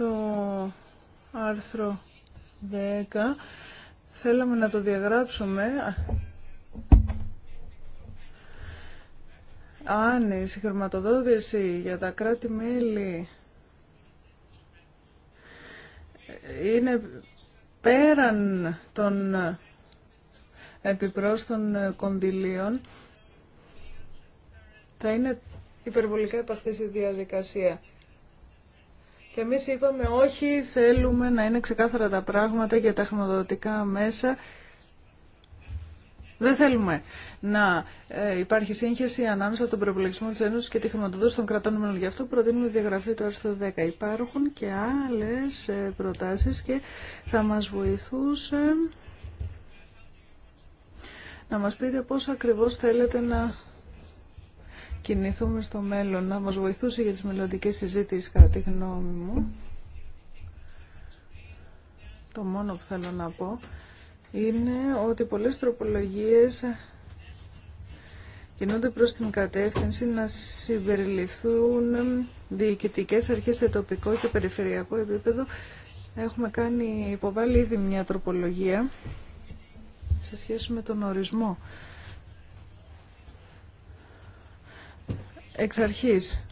το άρθρο 10 θέλαμε να το διαγράψουμε αν η συγχρηματοδότηση για τα κράτη-μέλη είναι πέραν των επιπρόσθων κονδυλίων θα είναι υπερβολικά επαχθή στη διαδικασία. Και εμείς είπαμε όχι, θέλουμε να είναι ξεκάθαρα τα πράγματα για τα χρηματοδοτικά μέσα. Δεν θέλουμε να ε, υπάρχει σύγχυση ανάμεσα στον προπολογισμό της Ένωσης και τη χρηματοδότηση των κρατών μελών. Γι' αυτό προτείνουμε διαγραφή του άρθρου 10. Υπάρχουν και άλλες ε, προτάσεις και θα μας βοηθούσε να μας πείτε πώς ακριβώς θέλετε να κινηθούμε στο μέλλον να μας βοηθούσε για τις μελλοντικές συζήτησεις κατά τη γνώμη μου. Το μόνο που θέλω να πω είναι ότι πολλές τροπολογίες κινούνται προς την κατεύθυνση να συμπεριληφθούν διοικητικές αρχές σε τοπικό και περιφερειακό επίπεδο. Έχουμε κάνει υποβάλει ήδη μια τροπολογία σε σχέση με τον ορισμό εξ αρχής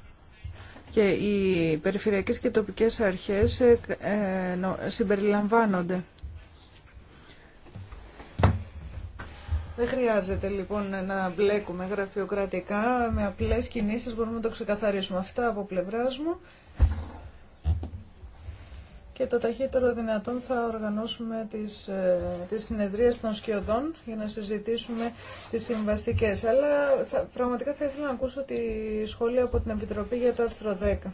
και οι περιφερειακές και τοπικές αρχές ε, ε, συμπεριλαμβάνονται. Δεν χρειάζεται λοιπόν να μπλέκουμε γραφειοκρατικά, με απλές κινήσεις μπορούμε να το ξεκαθαρίσουμε αυτά από πλευράς μου και το ταχύτερο δυνατόν θα οργανώσουμε τις, ε, τις συνεδρίες των σκιωδών για να συζητήσουμε τις συμβαστικές. Αλλά θα, πραγματικά θα ήθελα να ακούσω τη σχόλια από την Επιτροπή για το άρθρο 10.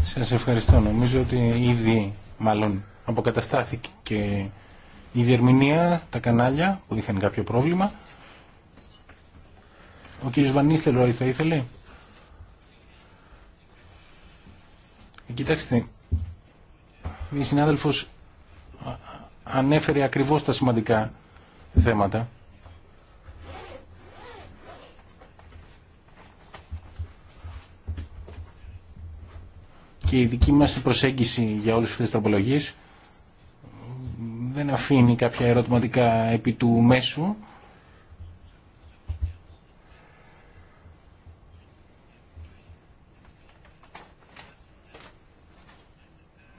Σας ευχαριστώ. Νομίζω ότι ήδη μάλλον αποκαταστάθηκε και η διερμηνία, τα κανάλια που είχαν κάποιο πρόβλημα. Ο κύριος Βανίστελ θα ήθελε. Ε, κοιτάξτε, η συνάδελφος ανέφερε ακριβώς τα σημαντικά θέματα. Και η δική μας προσέγγιση για όλες αυτές τις τροπολογίες δεν αφήνει κάποια ερωτηματικά επί του μέσου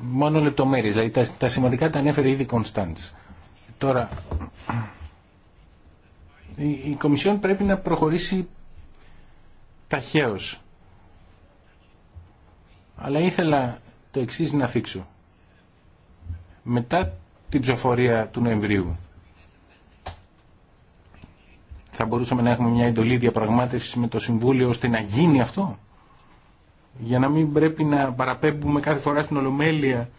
μόνο λεπτομέρειε, δηλαδή τα, σημαντικά τα ανέφερε ήδη Κωνσταντ. Τώρα, η, η Κομισιόν πρέπει να προχωρήσει ταχαίω. Αλλά ήθελα το εξή να θίξω. Μετά την ψηφοφορία του Νοεμβρίου, θα μπορούσαμε να έχουμε μια εντολή διαπραγμάτευση με το Συμβούλιο ώστε να γίνει αυτό για να μην πρέπει να παραπέμπουμε κάθε φορά στην Ολομέλεια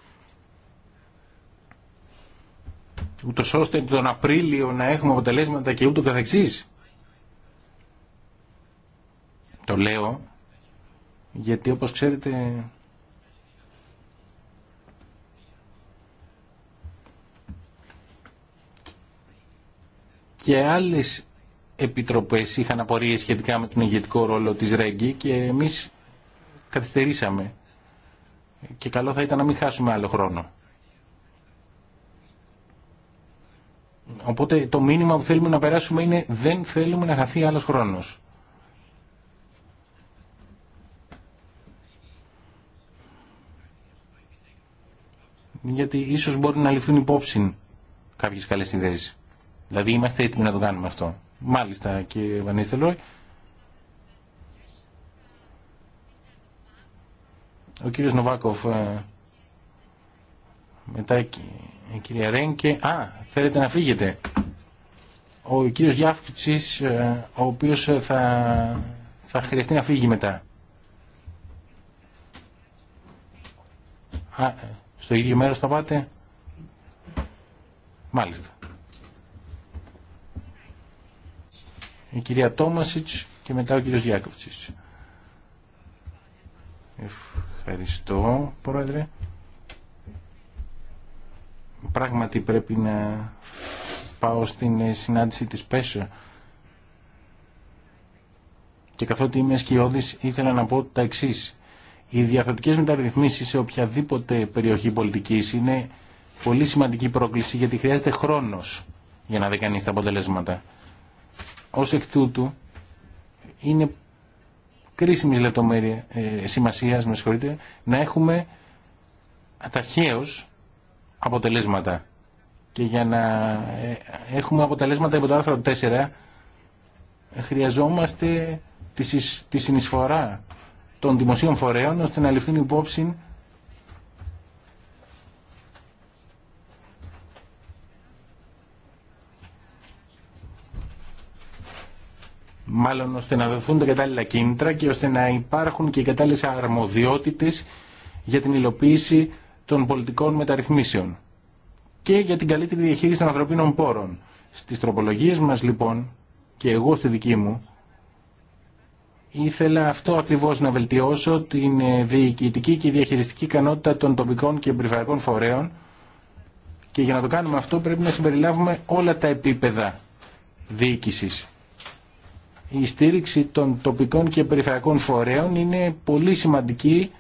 ούτω ώστε τον Απρίλιο να έχουμε αποτελέσματα και ούτω καθεξής. Το λέω γιατί όπως ξέρετε και άλλες επιτροπές είχαν απορίες σχετικά με τον ηγετικό ρόλο της ΡΕΓΚΙ και εμείς καθυστερήσαμε και καλό θα ήταν να μην χάσουμε άλλο χρόνο. Οπότε το μήνυμα που θέλουμε να περάσουμε είναι δεν θέλουμε να χαθεί άλλος χρόνος. Γιατί ίσως μπορεί να ληφθούν υπόψη κάποιες καλές ιδέες. Δηλαδή είμαστε έτοιμοι να το κάνουμε αυτό. Μάλιστα και ο Βανίστελόι. ο κύριος Νοβάκοφ ε, μετά η κυρία Ρένκε α, θέλετε να φύγετε ο κύριος Γιάφκητσης ε, ο οποίος ε, θα, θα χρειαστεί να φύγει μετά α, στο ίδιο μέρος θα πάτε μάλιστα η κυρία Τόμασιτς και μετά ο κύριος Γιάκοφτσης Ευχαριστώ, Πρόεδρε. Πράγματι πρέπει να πάω στην συνάντηση της ΠΕΣΟ και καθότι είμαι σκιώδης ήθελα να πω τα εξής. Οι διαθετικές μεταρρυθμίσεις σε οποιαδήποτε περιοχή πολιτικής είναι πολύ σημαντική πρόκληση γιατί χρειάζεται χρόνος για να δει κανείς τα αποτελέσματα. Ως εκ τούτου είναι κρίσιμης λεπτομέρεια, ε, με συγχωρείτε, να έχουμε αταχαίω αποτελέσματα. Και για να ε, έχουμε αποτελέσματα από το άρθρο 4, χρειαζόμαστε τη, τη συνεισφορά των δημοσίων φορέων ώστε να ληφθούν υπόψη μάλλον ώστε να δοθούν τα κατάλληλα κίνητρα και ώστε να υπάρχουν και οι κατάλληλες αρμοδιότητες για την υλοποίηση των πολιτικών μεταρρυθμίσεων και για την καλύτερη διαχείριση των ανθρωπίνων πόρων. Στις τροπολογίες μας λοιπόν και εγώ στη δική μου ήθελα αυτό ακριβώς να βελτιώσω την ε, διοικητική και διαχειριστική ικανότητα των τοπικών και περιφερειακών φορέων και για να το κάνουμε αυτό πρέπει να συμπεριλάβουμε όλα τα επίπεδα διοίκησης η στήριξη των τοπικών και περιφερειακών φορέων είναι πολύ σημαντική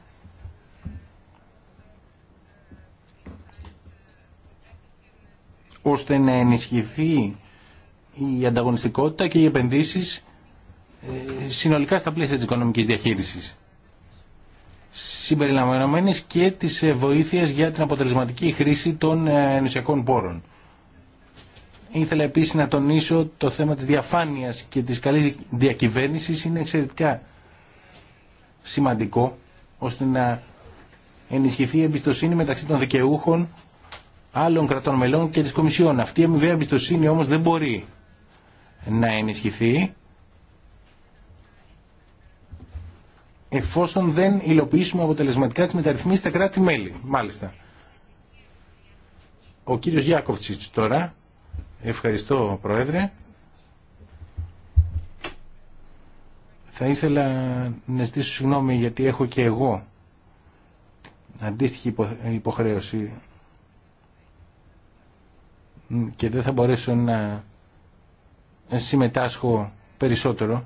ώστε να ενισχυθεί η ανταγωνιστικότητα και οι επενδύσεις ε, συνολικά στα πλαίσια της οικονομικής διαχείρισης συμπεριλαμβανομένης και της ε, βοήθειας για την αποτελεσματική χρήση των ε, ενωσιακών πόρων. Ήθελα επίσης να τονίσω το θέμα της διαφάνειας και της καλή διακυβέρνηση είναι εξαιρετικά σημαντικό ώστε να ενισχυθεί η εμπιστοσύνη μεταξύ των δικαιούχων άλλων κρατών μελών και της Κομισιόν. Αυτή η αμοιβή εμπιστοσύνη όμως δεν μπορεί να ενισχυθεί εφόσον δεν υλοποιήσουμε αποτελεσματικά τις μεταρρυθμίσεις στα κράτη-μέλη. Μάλιστα. Ο κύριος Γιάκοφτσιτς τώρα Ευχαριστώ, Πρόεδρε. Θα ήθελα να ζητήσω συγγνώμη γιατί έχω και εγώ αντίστοιχη υποχρέωση και δεν θα μπορέσω να συμμετάσχω περισσότερο.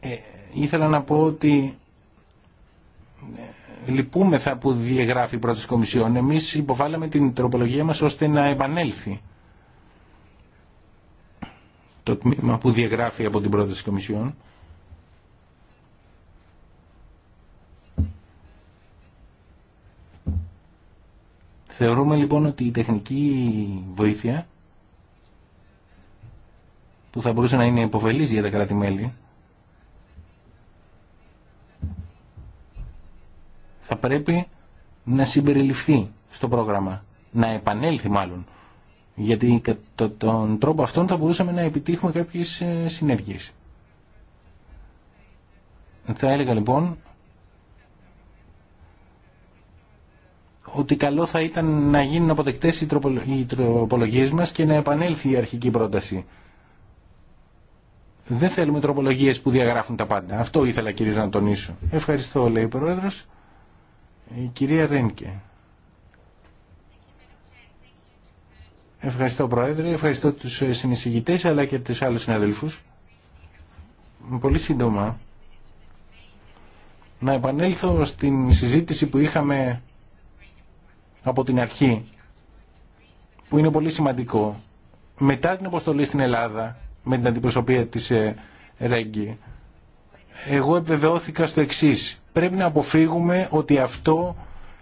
Ε, ήθελα να πω ότι λυπούμεθα που διαγράφει η πρόταση Κομισιόν. Εμείς υποβάλαμε την τροπολογία μας ώστε να επανέλθει το τμήμα που διαγράφει από την πρόταση Κομισιόν. Θεωρούμε λοιπόν ότι η τεχνική βοήθεια που θα μπορούσε να είναι υποφελής για τα κράτη-μέλη θα πρέπει να συμπεριληφθεί στο πρόγραμμα, να επανέλθει μάλλον. Γιατί κατά τον τρόπο αυτόν θα μπορούσαμε να επιτύχουμε κάποιες ε, συνέργειες. Θα έλεγα λοιπόν ότι καλό θα ήταν να γίνουν αποδεκτές οι τροπολογίες μας και να επανέλθει η αρχική πρόταση. Δεν θέλουμε τροπολογίες που διαγράφουν τα πάντα. Αυτό ήθελα κυρίως να τονίσω. Ευχαριστώ λέει ο Πρόεδρος. Η κυρία Ρένκε. Ευχαριστώ Πρόεδρε, ευχαριστώ τους ε, συνεισηγητές αλλά και τους άλλους συναδελφούς. Πολύ σύντομα να επανέλθω στην συζήτηση που είχαμε από την αρχή που είναι πολύ σημαντικό. Μετά την αποστολή στην Ελλάδα με την αντιπροσωπεία της ε, Ρέγκη εγώ επιβεβαιώθηκα στο εξής πρέπει να αποφύγουμε ότι αυτό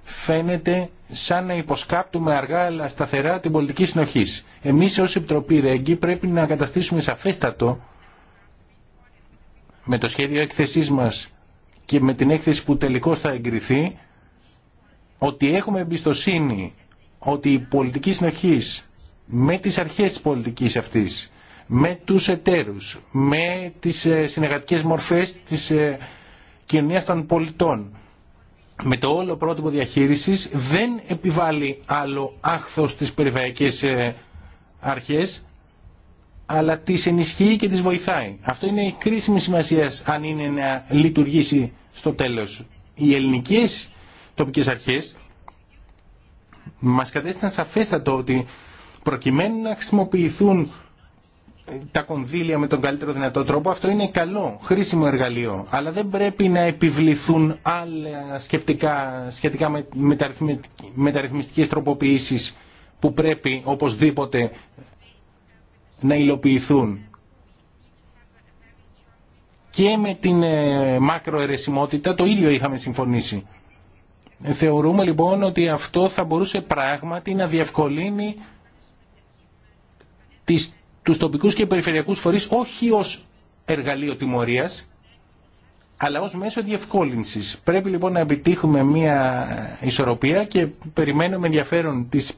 φαίνεται σαν να υποσκάπτουμε αργά αλλά σταθερά την πολιτική συνοχή. Εμείς ως Επιτροπή Ρέγγι πρέπει να καταστήσουμε σαφέστατο με το σχέδιο έκθεσής μας και με την έκθεση που τελικώ θα εγκριθεί ότι έχουμε εμπιστοσύνη ότι η πολιτική συνοχή με τις αρχές της πολιτικής αυτής, με τους εταίρους, με τις ε, συνεργατικές μορφές της ε, Κοινωνία των πολιτών με το όλο πρότυπο διαχείρισης δεν επιβάλλει άλλο άχθος στις περιφερειακές ε, αρχές αλλά τις ενισχύει και τις βοηθάει. Αυτό είναι η κρίσιμη σημασία αν είναι να λειτουργήσει στο τέλος. Οι ελληνικές τοπικές αρχές μας κατέστησαν σαφέστατο ότι προκειμένου να χρησιμοποιηθούν τα κονδύλια με τον καλύτερο δυνατό τρόπο, αυτό είναι καλό, χρήσιμο εργαλείο. Αλλά δεν πρέπει να επιβληθούν άλλα σκεπτικά σχετικά με μεταρρυθμιστικές τροποποιήσεις που πρέπει οπωσδήποτε να υλοποιηθούν. Και με την ε, μακροαιρεσιμότητα το ίδιο είχαμε συμφωνήσει. Θεωρούμε λοιπόν ότι αυτό θα μπορούσε πράγματι να διευκολύνει τις τους τοπικούς και περιφερειακούς φορείς όχι ως εργαλείο τιμωρίας, αλλά ως μέσο διευκόλυνσης. Πρέπει λοιπόν να επιτύχουμε μια ισορροπία και περιμένουμε ενδιαφέρον τις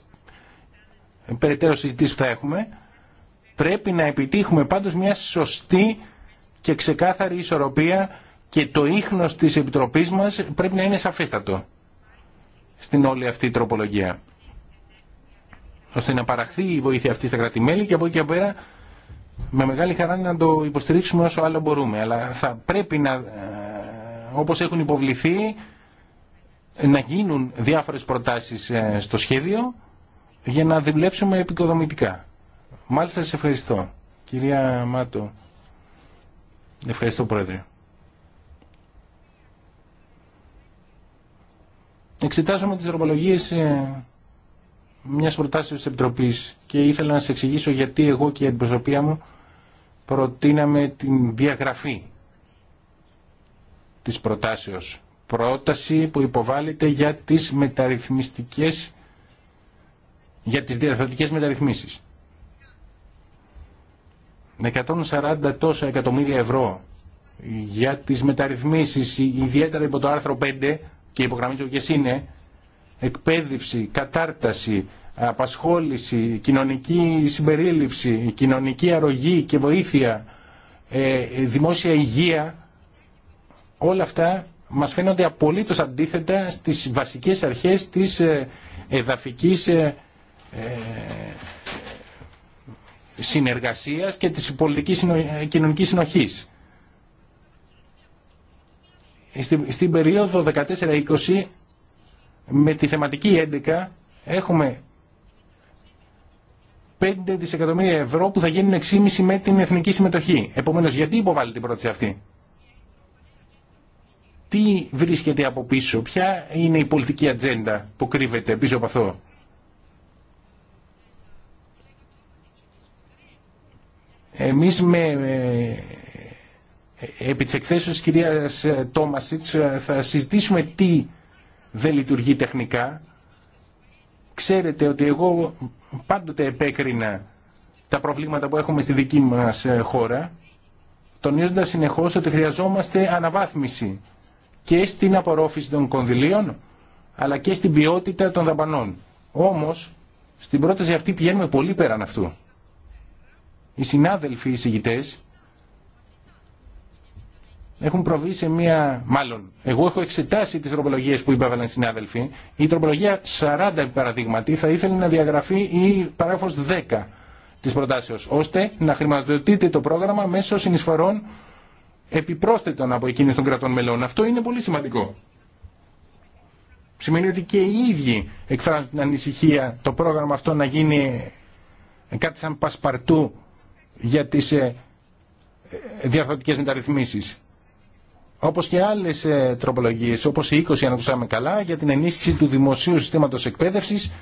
περαιτέρω συζητήσεις που θα έχουμε. Πρέπει να επιτύχουμε πάντως μια σωστή και ξεκάθαρη ισορροπία και το ίχνος της Επιτροπής μας πρέπει να είναι σαφέστατο στην όλη αυτή η τροπολογία ώστε να παραχθεί η βοήθεια αυτή στα κρατημέλη και από εκεί και πέρα με μεγάλη χαρά να το υποστηρίξουμε όσο άλλο μπορούμε. Αλλά θα πρέπει να, ε, όπως έχουν υποβληθεί, να γίνουν διάφορες προτάσεις ε, στο σχέδιο για να δουλέψουμε επικοδομητικά. Μάλιστα, σε ευχαριστώ. Κυρία Μάτο, ευχαριστώ Πρόεδρε. Εξετάζουμε τις τροπολογίες ε, μια προτάσεως τη Επιτροπής και ήθελα να σα εξηγήσω γιατί εγώ και η αντιπροσωπεία μου προτείναμε την διαγραφή της προτάσεω. Πρόταση που υποβάλλεται για τις μεταρρυθμιστικές για τις διαρθρωτικές μεταρρυθμίσεις. 140 τόσα εκατομμύρια ευρώ για τις μεταρρυθμίσεις, ιδιαίτερα υπό το άρθρο 5 και υπογραμμίζω ποιες είναι, εκπαίδευση, κατάρταση, απασχόληση, κοινωνική συμπερίληψη, κοινωνική αρρωγή και βοήθεια, ε, δημόσια υγεία, όλα αυτά μας φαίνονται απολύτως αντίθετα στις βασικές αρχές της ε, εδαφικής ε, συνεργασίας και της πολιτικής κοινωνικής συνοχής. Στην περίοδο 14-20 με τη θεματική 11 έχουμε 5 δισεκατομμύρια ευρώ που θα γίνουν 6,5 με την εθνική συμμετοχή. Επομένως, γιατί υποβάλλει την πρόταση αυτή. Τι βρίσκεται από πίσω, ποια είναι η πολιτική ατζέντα που κρύβεται πίσω από αυτό. Εμείς με, ε, ε, επί της εκθέσεως της κυρίας ε, Τόμασιτς θα συζητήσουμε τι δεν λειτουργεί τεχνικά. Ξέρετε ότι εγώ πάντοτε επέκρινα τα προβλήματα που έχουμε στη δική μας ε, χώρα, τονίζοντας συνεχώς ότι χρειαζόμαστε αναβάθμιση και στην απορρόφηση των κονδυλίων, αλλά και στην ποιότητα των δαπανών. Όμως, στην πρόταση αυτή πηγαίνουμε πολύ πέραν αυτού. Οι συνάδελφοι εισηγητές έχουν προβεί σε μία, μάλλον, εγώ έχω εξετάσει τις τροπολογίες που υπέβαλαν συνάδελφοι, η τροπολογία 40 παραδείγματι θα ήθελε να διαγραφεί η παράγραφος 10 της προτάσεως, ώστε να χρηματοδοτείται το πρόγραμμα μέσω συνεισφορών επιπρόσθετων από εκείνες των κρατών μελών. Αυτό είναι πολύ σημαντικό. Σημαίνει ότι και οι ίδιοι εκφράζουν την ανησυχία το πρόγραμμα αυτό να γίνει κάτι σαν πασπαρτού για τις ε, ε, διαρθρωτικές μεταρρυθμίσεις όπως και άλλες ε, τροπολογίες, όπως η 20 αν ακούσαμε καλά, για την ενίσχυση του δημοσίου συστήματος εκπαίδευση,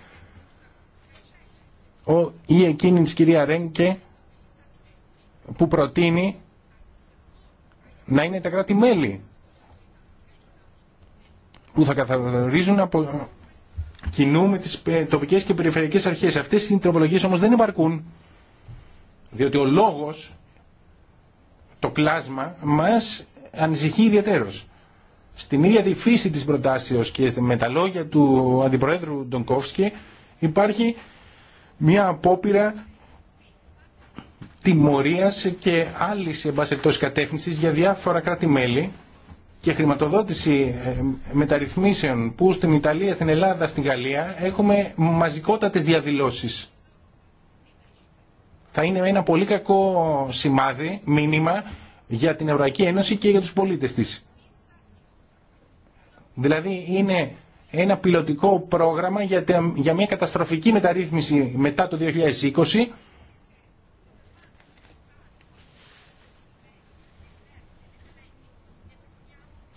ή εκείνη τη κυρία Ρένκε που προτείνει να είναι τα κράτη-μέλη που θα καθορίζουν από κοινού με τις ε, τοπικές και περιφερειακές αρχές. Αυτές οι τροπολογίες όμως δεν υπαρκούν, διότι ο λόγος, το κλάσμα μας ανησυχεί ιδιαίτερω. Στην ίδια τη φύση της προτάσεω και με τα λόγια του Αντιπροέδρου Ντονκόφσκι υπάρχει μια απόπειρα τιμωρία και άλλη εμπασχευτός κατεύθυνση για διάφορα κράτη-μέλη και χρηματοδότηση ε, μεταρρυθμίσεων που στην Ιταλία, στην Ελλάδα, στην Γαλλία έχουμε μαζικότατες διαδηλώσεις. Θα είναι ένα πολύ κακό σημάδι, μήνυμα για την Ευρωπαϊκή Ένωση και για τους πολίτες της. Δηλαδή είναι ένα πιλωτικό πρόγραμμα για μια καταστροφική μεταρρύθμιση μετά το 2020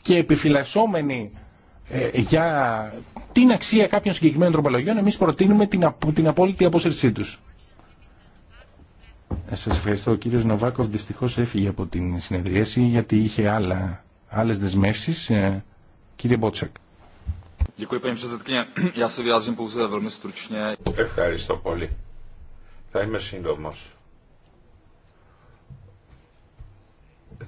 και επιφυλασσόμενοι ε, για την αξία κάποιων συγκεκριμένων τροπολογιών εμείς προτείνουμε την απόλυτη απόσυρσή τους. Ε, σας ευχαριστώ. Ο κύριος Νοβάκοφ δυστυχώς έφυγε από την συνεδρίαση γιατί είχε άλλα, άλλες δεσμεύσεις. Ε, κύριε Μπότσακ. Ευχαριστώ πολύ. Θα είμαι σύντομος.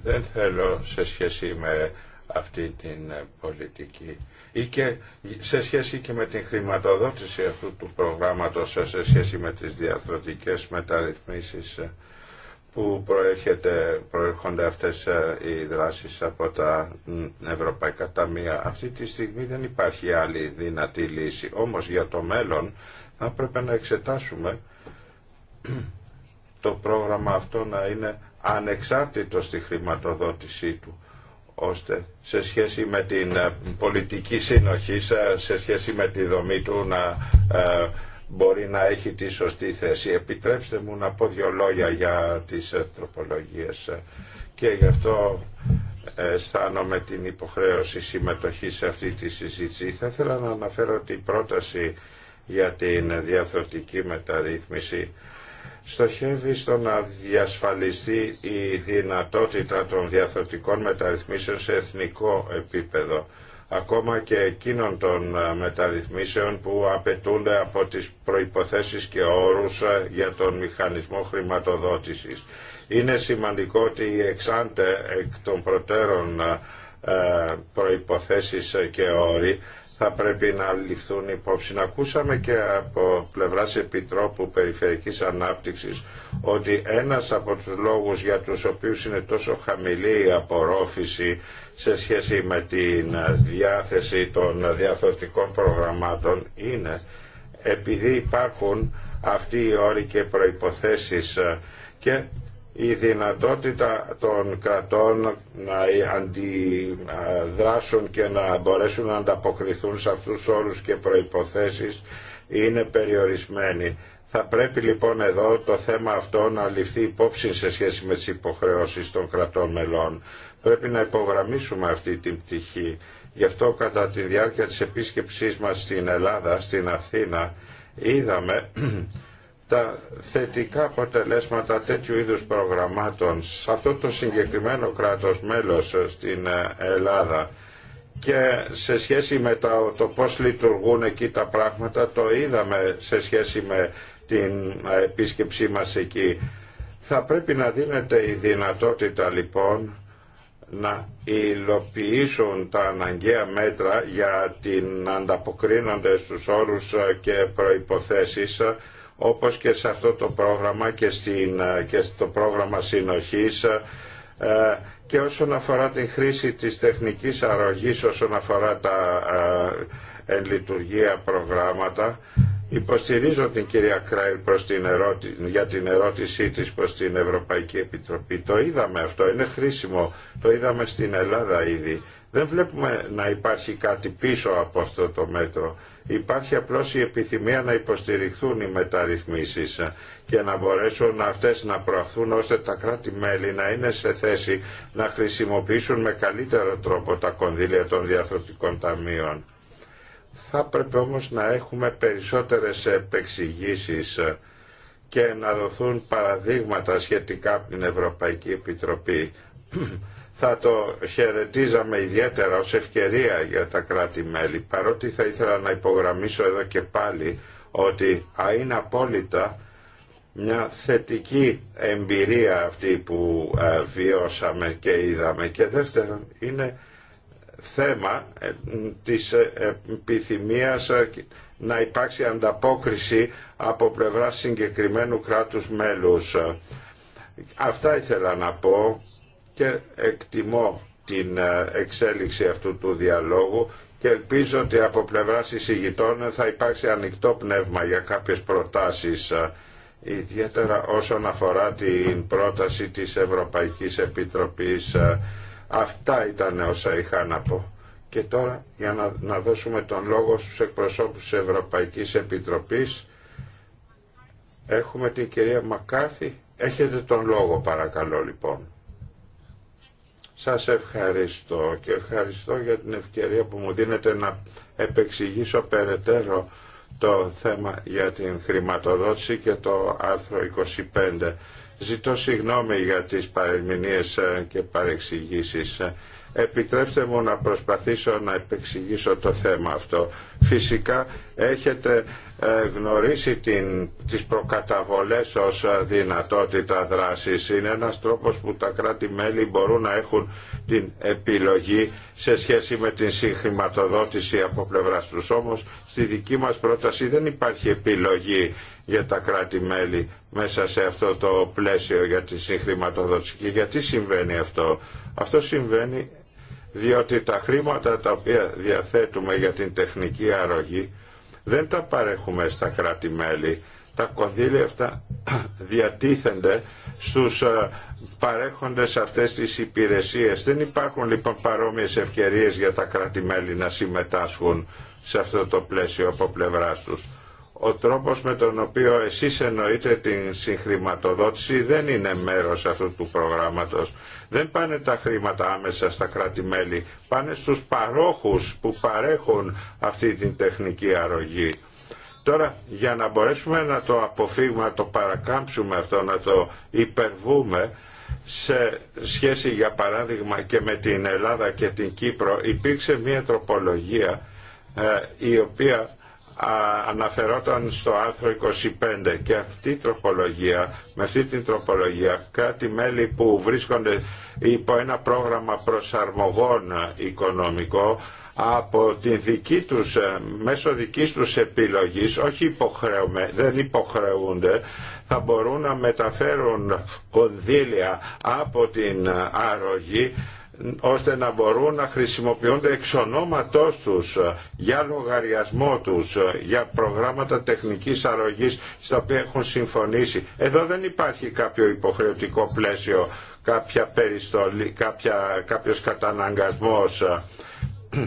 Δεν θέλω σε σχέση με αυτή την πολιτική ή και σε σχέση και με την χρηματοδότηση αυτού του προγράμματος σε σχέση με τις διαθροτικές μεταρρυθμίσεις που προέρχονται αυτές ε, οι δράσεις από τα Ευρωπαϊκά Ταμεία. Αυτή τη στιγμή δεν υπάρχει άλλη δυνατή λύση. Όμως για το μέλλον θα πρέπει να εξετάσουμε το πρόγραμμα αυτό να είναι ανεξάρτητο στη χρηματοδότησή του ώστε σε σχέση με την ε, πολιτική συνοχή, σε σχέση με τη δομή του να ε, μπορεί να έχει τη σωστή θέση. Επιτρέψτε μου να πω δύο λόγια για τις ε, τροπολογίες και γι' αυτό αισθάνομαι την υποχρέωση συμμετοχή σε αυτή τη συζήτηση. Θα ήθελα να αναφέρω την πρόταση για την διαθροτική μεταρρύθμιση στοχεύει στο να διασφαλιστεί η δυνατότητα των διαθετικών μεταρρυθμίσεων σε εθνικό επίπεδο ακόμα και εκείνων των ε, μεταρρυθμίσεων που απαιτούνται από τις προϋποθέσεις και όρους ε, για τον μηχανισμό χρηματοδότησης. Είναι σημαντικό ότι οι εξάντε εκ των προτέρων ε, προϋποθέσεις και όροι θα πρέπει να ληφθούν υπόψη. Ακούσαμε και από πλευράς Επιτρόπου Περιφερειακής Ανάπτυξης ότι ένας από τους λόγους για τους οποίους είναι τόσο χαμηλή η απορρόφηση σε σχέση με την διάθεση των διαθωτικών προγραμμάτων είναι επειδή υπάρχουν αυτοί οι όροι και προϋποθέσεις και η δυνατότητα των κρατών να ε, αντιδράσουν και να μπορέσουν να ανταποκριθούν σε αυτούς όλους και προϋποθέσεις είναι περιορισμένη. Θα πρέπει λοιπόν εδώ το θέμα αυτό να ληφθεί υπόψη σε σχέση με τις υποχρεώσεις των κρατών μελών. Πρέπει να υπογραμμίσουμε αυτή την πτυχή. Γι' αυτό κατά τη διάρκεια της επίσκεψής μας στην Ελλάδα, στην Αθήνα, είδαμε τα θετικά αποτελέσματα τέτοιου είδους προγραμμάτων σε αυτό το συγκεκριμένο κράτος μέλος ε, στην ε, Ελλάδα και σε σχέση με το, το πώς λειτουργούν εκεί τα πράγματα το είδαμε σε σχέση με την ε, επίσκεψή μας εκεί. Θα πρέπει να δίνεται η δυνατότητα λοιπόν να υλοποιήσουν τα αναγκαία μέτρα για την ανταποκρίνονται στους όρους και προϋποθέσεις όπως και σε αυτό το πρόγραμμα και, ε, στο πρόγραμμα συνοχής ε, ε, και όσον αφορά την χρήση της τεχνικής αρρωγής όσον αφορά τα εν λειτουργία προγράμματα Υποστηρίζω την κυρία Κράιλ προς την ερώτη... για την ερώτησή της προς την Ευρωπαϊκή Επιτροπή. Το είδαμε αυτό, είναι χρήσιμο. Το είδαμε στην Ελλάδα ήδη. Δεν βλέπουμε να υπάρχει κάτι πίσω από αυτό το μέτρο. Υπάρχει απλώς η επιθυμία να υποστηριχθούν οι μεταρρυθμίσεις και να μπορέσουν αυτές να προαχθούν ώστε τα κράτη-μέλη να είναι σε θέση να χρησιμοποιήσουν με καλύτερο τρόπο τα κονδύλια των διαθροτικών ταμείων. Θα πρέπει όμως να έχουμε περισσότερες επεξηγήσεις και να δοθούν παραδείγματα σχετικά από την Ευρωπαϊκή Επιτροπή θα το χαιρετίζαμε ιδιαίτερα ως ευκαιρία για τα κράτη-μέλη, παρότι θα ήθελα να υπογραμμίσω εδώ και πάλι ότι είναι απόλυτα μια θετική εμπειρία αυτή που ε, βιώσαμε και είδαμε. Και δεύτερον, είναι θέμα ε, της ε, επιθυμίας να υπάρξει ανταπόκριση από πλευρά συγκεκριμένου κράτους μέλους. Αυτά ήθελα να πω και εκτιμώ την ε, εξέλιξη αυτού του διαλόγου και ελπίζω ότι από πλευράς εισηγητών θα υπάρξει ανοιχτό πνεύμα για κάποιες προτάσεις ε, ιδιαίτερα όσον αφορά την πρόταση της Ευρωπαϊκής Επιτροπής. Ε. Αυτά ήταν όσα είχα να πω. Και τώρα για να, να δώσουμε τον λόγο στους εκπροσώπους της Ευρωπαϊκής Επιτροπής έχουμε την κυρία Μακάρθη. Έχετε τον λόγο παρακαλώ λοιπόν. Σας ευχαριστώ και ευχαριστώ για την ευκαιρία που μου δίνετε να επεξηγήσω περαιτέρω το θέμα για την χρηματοδότηση και το άρθρο 25. Ζητώ συγγνώμη για τις παρεμηνίες ε, και παρεξηγήσεις. Επιτρέψτε μου να προσπαθήσω να επεξηγήσω το θέμα αυτό. Φυσικά έχετε ε, γνωρίσει την, τις προκαταβολές ως δυνατότητα δράσης. Είναι ένας τρόπος που τα κράτη-μέλη μπορούν να έχουν την επιλογή σε σχέση με την συγχρηματοδότηση από πλευράς τους. Όμως στη δική μας πρόταση δεν υπάρχει επιλογή για τα κράτη-μέλη μέσα σε αυτό το πλαίσιο για τη συγχρηματοδότηση. Και γιατί συμβαίνει αυτό. Αυτό συμβαίνει διότι τα χρήματα τα οποία διαθέτουμε για την τεχνική αρρωγή δεν τα παρέχουμε στα κράτη-μέλη. Τα κονδύλια αυτά διατίθενται στους ε, παρέχοντες αυτές τις υπηρεσίες. Δεν υπάρχουν λοιπόν παρόμοιες ευκαιρίες για τα κράτη-μέλη να συμμετάσχουν σε αυτό το πλαίσιο από πλευράς τους ο τρόπος με τον οποίο εσείς εννοείτε την συγχρηματοδότηση δεν είναι μέρος αυτού του προγράμματος. Δεν πάνε τα χρήματα άμεσα στα κράτη-μέλη, πάνε στους παρόχους που παρέχουν αυτή την τεχνική αρρωγή. Τώρα για να μπορέσουμε να το αποφύγουμε, να το παρακάμψουμε αυτό, να το υπερβούμε, σε σχέση για παράδειγμα και με την Ελλάδα και την Κύπρο υπήρξε μια τροπολογία ε, η οποία αναφερόταν στο άρθρο 25 και αυτή η τροπολογία, με αυτή την τροπολογια κάτι κράτη-μέλη που βρίσκονται υπό ένα πρόγραμμα προσαρμογών οικονομικό από την δική τους, ε, μέσω δικής τους επιλογής, όχι υποχρεούμε, δεν υποχρεούνται, θα μπορούν να μεταφέρουν κονδύλια από την αρρωγή ώστε να μπορούν να χρησιμοποιούνται εξ ονόματός τους ε, για λογαριασμό τους, ε, για προγράμματα τεχνικής αρρωγής στα οποία έχουν συμφωνήσει. Εδώ δεν υπάρχει κάποιο υποχρεωτικό πλαίσιο, κάποια περιστολή, κάποια, κάποιος καταναγκασμός. Ε.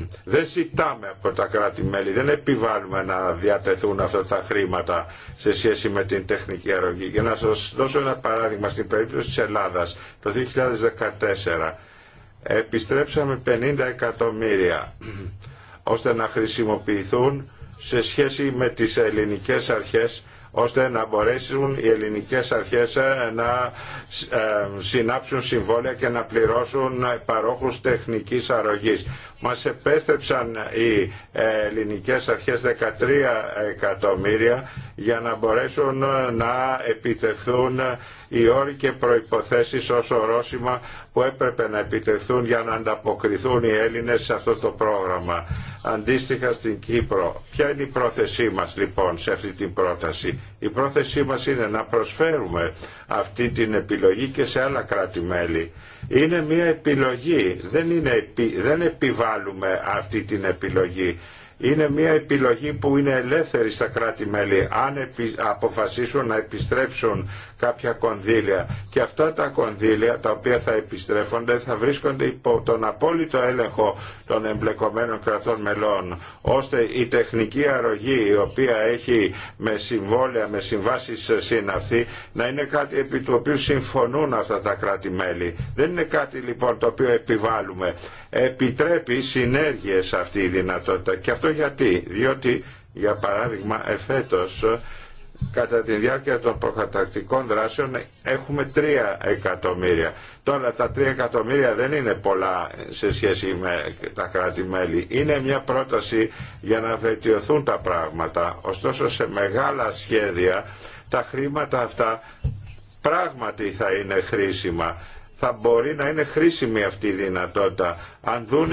Δεν ζητάμε από τα κράτη-μέλη, δεν επιβάλλουμε να διατεθούν αυτά τα χρήματα σε σχέση με την τεχνική αρρωγή. Για να σας δώσω ένα παράδειγμα στην περίπτωση της Ελλάδας, το 2014 επιστρέψαμε 50 εκατομμύρια ώστε να χρησιμοποιηθούν σε σχέση με τις ελληνικές αρχές ώστε να μπορέσουν οι ελληνικές αρχές ε, να ε, συνάψουν συμβόλαια και να πληρώσουν παρόχους τεχνικής αρρωγής. Μας επέστρεψαν οι ε, ελληνικές αρχές 13 εκατομμύρια για να μπορέσουν να επιτευχθούν οι όροι και προϋποθέσεις ως ορόσημα που έπρεπε να επιτευχθούν για να ανταποκριθούν οι Έλληνες σε αυτό το πρόγραμμα. Αντίστοιχα στην Κύπρο. Ποια είναι η πρόθεσή μας λοιπόν σε αυτή την πρόταση. Η πρόθεσή μας είναι να προσφέρουμε αυτή την επιλογή και σε άλλα κράτη-μέλη. Είναι μια επιλογή, δεν, είναι, δεν επιβάλλουμε αυτή την επιλογή είναι μια επιλογή που είναι ελεύθερη στα κράτη-μέλη αν αποφασίσουν να επιστρέψουν κάποια κονδύλια και αυτά τα κονδύλια τα οποία θα επιστρέφονται θα βρίσκονται υπό τον απόλυτο έλεγχο των εμπλεκομένων κρατών μελών ώστε η τεχνική αρρωγή η οποία έχει με συμβόλαια, με συμβάσεις συναυθεί να είναι κάτι επί του οποίου συμφωνούν αυτά τα κράτη-μέλη. Δεν είναι κάτι λοιπόν το οποίο επιβάλλουμε. Επιτρέπει συνέργειες αυτή η δυνατότητα γιατί. Διότι, για παράδειγμα, εφέτος κατά τη διάρκεια των προκατακτικών δράσεων έχουμε 3 εκατομμύρια. Τώρα τα 3 εκατομμύρια δεν είναι πολλά σε σχέση με τα κράτη-μέλη. Είναι μια πρόταση για να βελτιωθούν τα πράγματα. Ωστόσο σε μεγάλα σχέδια τα χρήματα αυτά πράγματι θα είναι χρήσιμα θα μπορεί να είναι χρήσιμη αυτή η δυνατότητα. Αν δουν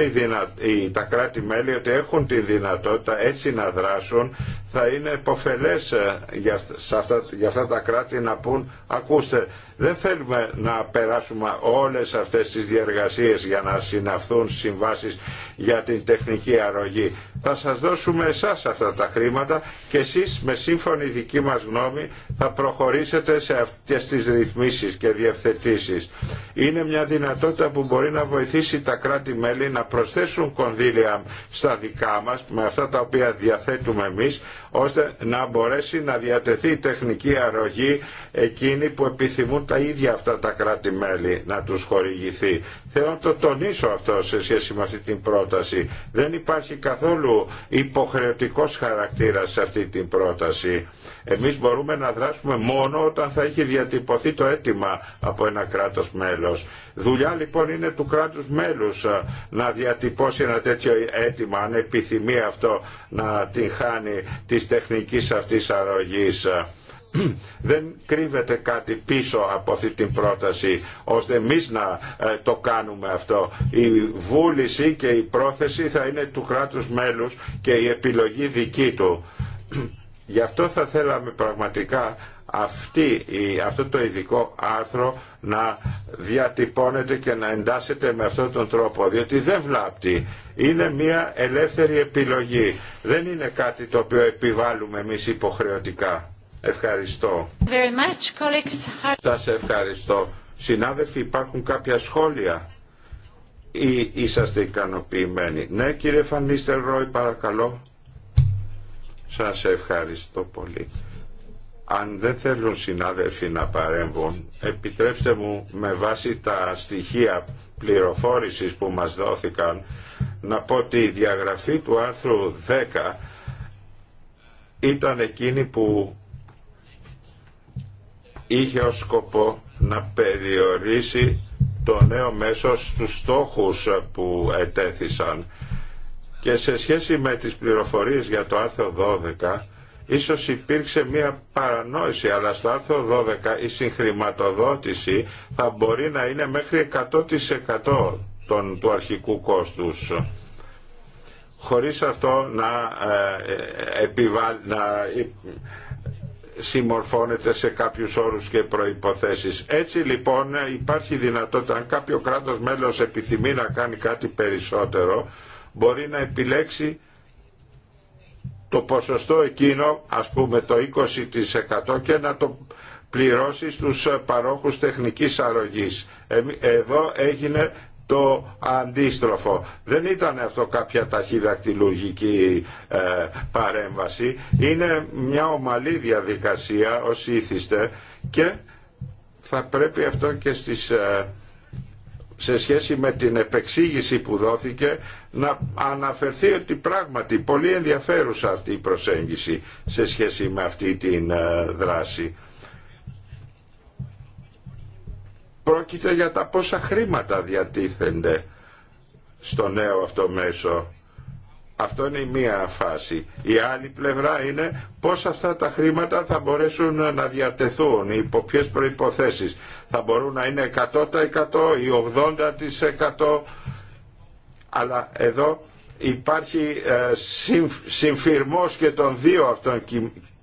τα κράτη-μέλη ότι έχουν τη δυνατότητα έτσι να δράσουν, θα είναι υποφελές ε, για, αυτά... για αυτά τα κράτη να πούν «Ακούστε, δεν θέλουμε να περάσουμε όλες αυτές τις διεργασίες για να συναυθούν συμβάσεις για την τεχνική αρρωγή. Θα σας δώσουμε εσάς αυτά τα χρήματα και εσείς με σύμφωνη δική μας γνώμη θα προχωρήσετε σε αυτές τις ρυθμίσεις και διευθετήσεις είναι μια δυνατότητα που μπορεί να βοηθήσει τα κράτη-μέλη να προσθέσουν κονδύλια στα δικά μας με αυτά τα οποία διαθέτουμε εμείς ώστε να μπορέσει να διατεθεί η τεχνική αρρωγή εκείνη που επιθυμούν τα ίδια αυτά τα κράτη-μέλη να τους χορηγηθεί. Θέλω να το τονίσω αυτό σε σχέση με αυτή την πρόταση. Δεν υπάρχει καθόλου υποχρεωτικός χαρακτήρας σε αυτή την πρόταση. Εμείς μπορούμε να δράσουμε μόνο όταν θα έχει διατυπωθεί το αίτημα από ένα κράτος μέλος. Δουλειά λοιπόν είναι του κράτους μέλους ε, να διατυπώσει ένα τέτοιο αίτημα, αν επιθυμεί αυτό να την χάνει της τεχνικής αυτής αρρωγής ε, δεν κρύβεται κάτι πίσω από αυτή την πρόταση ώστε εμείς να ε, το κάνουμε αυτό. Η βούληση και η πρόθεση θα είναι του κράτους μέλους και η επιλογή δική του. Γι' αυτό θα θέλαμε πραγματικά αυτή, αυτό το ειδικό άρθρο να διατυπώνεται και να εντάσσεται με αυτόν τον τρόπο, διότι δεν βλάπτει. Είναι μια ελεύθερη επιλογή. Δεν είναι κάτι το οποίο επιβάλλουμε εμείς υποχρεωτικά. Ευχαριστώ. Σας ευχαριστώ. Συνάδελφοι, υπάρχουν κάποια σχόλια ή είσαστε ικανοποιημένοι. Ναι, κύριε Φανίστερ Ρόι, παρακαλώ. Σας ευχαριστώ πολύ. Αν δεν θέλουν συνάδελφοι να παρέμβουν, επιτρέψτε μου με βάση τα στοιχεία πληροφόρησης που μας δόθηκαν να πω ότι η διαγραφή του άρθρου 10 ήταν εκείνη που είχε ως σκοπό να περιορίσει το νέο μέσο στους στόχους που ετέθησαν και σε σχέση με τις πληροφορίες για το άρθρο 12 Ίσως υπήρξε μια παρανόηση, αλλά στο άρθρο 12 η συγχρηματοδότηση θα μπορεί να είναι μέχρι 100% των, του αρχικού κόστους χωρίς αυτό να, ε, ε να συμμορφώνεται σε κάποιους όρους και προϋποθέσεις. Έτσι λοιπόν υπάρχει δυνατότητα αν κάποιο κράτος μέλος επιθυμεί να κάνει κάτι περισσότερο μπορεί να επιλέξει το ποσοστό εκείνο, ας πούμε το 20% και να το πληρώσει στους παρόχους τεχνικής αρρωγής. Ε, εδώ έγινε το αντίστροφο. Δεν ήταν αυτό κάποια ταχυδακτηλουργική ε, παρέμβαση. Είναι μια ομαλή διαδικασία ως ήθιστε και θα πρέπει αυτό και στις, ε, σε σχέση με την επεξήγηση που δόθηκε να αναφερθεί ότι πράγματι πολύ ενδιαφέρουσα αυτή η προσέγγιση σε σχέση με αυτή την ε, δράση. Πρόκειται για τα πόσα χρήματα διατίθενται στο νέο αυτό μέσο. Αυτό είναι η μία φάση. Η άλλη πλευρά είναι πώς αυτά τα χρήματα θα μπορέσουν να διατεθούν, υπό ποιε προϋποθέσεις. Θα μπορούν να είναι 100% ή 80% αλλά εδώ υπάρχει ε, συμφυρμός και των δύο αυτών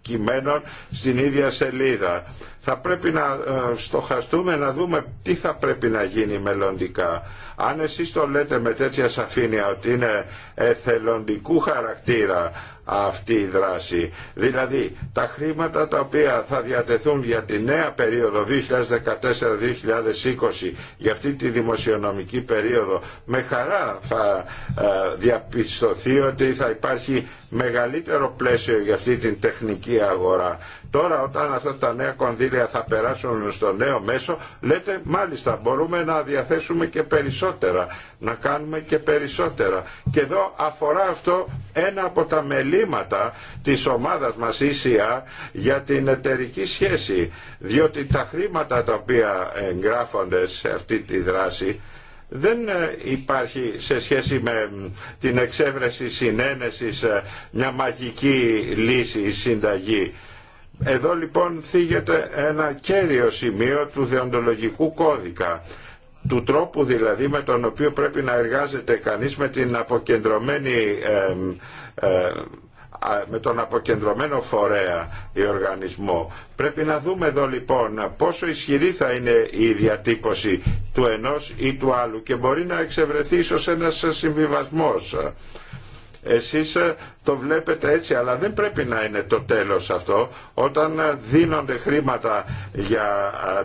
κειμένων στην ίδια σελίδα. Θα πρέπει να ε, στοχαστούμε να δούμε τι θα πρέπει να γίνει μελλοντικά. Αν εσείς το λέτε με τέτοια σαφήνεια ότι είναι εθελοντικού χαρακτήρα αυτή η δράση. Δηλαδή τα χρήματα τα οποία θα διατεθούν για τη νέα περίοδο 2014-2020 για αυτή τη δημοσιονομική περίοδο με χαρά θα ε, διαπιστωθεί ότι θα υπάρχει μεγαλύτερο πλαίσιο για αυτή την τεχνική αγορά Τώρα όταν αυτά τα νέα κονδύλια θα περάσουν στο νέο μέσο, λέτε μάλιστα μπορούμε να διαθέσουμε και περισσότερα, να κάνουμε και περισσότερα. Και εδώ αφορά αυτό ένα από τα μελήματα της ομάδας μας Ίσια, για την εταιρική σχέση, διότι τα χρήματα τα οποία εγγράφονται σε αυτή τη δράση δεν ε, υπάρχει σε σχέση με την εξέβρεση συνένεσης μια μαγική λύση ή συνταγή εδώ λοιπόν θίγεται ένα κέριο σημείο του δεοντολογικού κώδικα του τρόπου δηλαδή με τον οποίο πρέπει να εργάζεται κανείς με την αποκεντρωμένη ε, με τον αποκεντρωμένο φορέα ή οργανισμό. Πρέπει να δούμε εδώ λοιπόν πόσο ισχυρή θα είναι η διατύπωση του ενός ή του άλλου και μπορεί να εξευρεθεί ίσως ένας συμβιβασμός. Εσείς ε, το βλέπετε έτσι, αλλά δεν πρέπει να είναι το τέλος αυτό. Όταν ε, δίνονται χρήματα για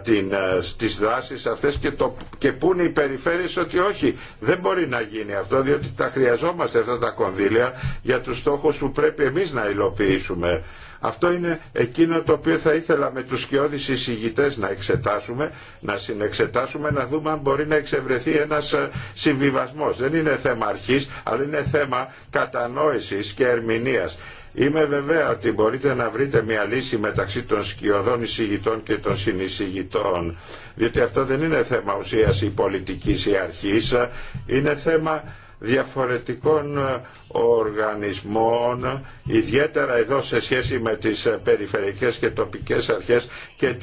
την, ε, τις δράσεις αυτές και, το, και πούν οι περιφέρειες ότι όχι, δεν μπορεί να γίνει αυτό, διότι τα χρειαζόμαστε αυτά τα κονδύλια για τους στόχους που πρέπει εμείς να υλοποιήσουμε. Αυτό είναι εκείνο το οποίο θα ήθελα με τους σκιώδεις εισηγητές να εξετάσουμε, να συνεξετάσουμε, να δούμε αν μπορεί να εξευρεθεί ένας ε, συμβιβασμός. Δεν είναι θέμα αρχής, αλλά είναι θέμα κατανόησης και ερμηνείας. Είμαι βέβαια ότι μπορείτε να βρείτε μια λύση μεταξύ των σκιωδών εισηγητών και των συνεισηγητών, διότι αυτό δεν είναι θέμα ουσίας ή πολιτικής ή αρχής, ε, είναι θέμα διαφορετικών ε, οργανισμών, ιδιαίτερα εδώ σε σχέση με τις ε, περιφερειακές και τοπικές αρχές και ε,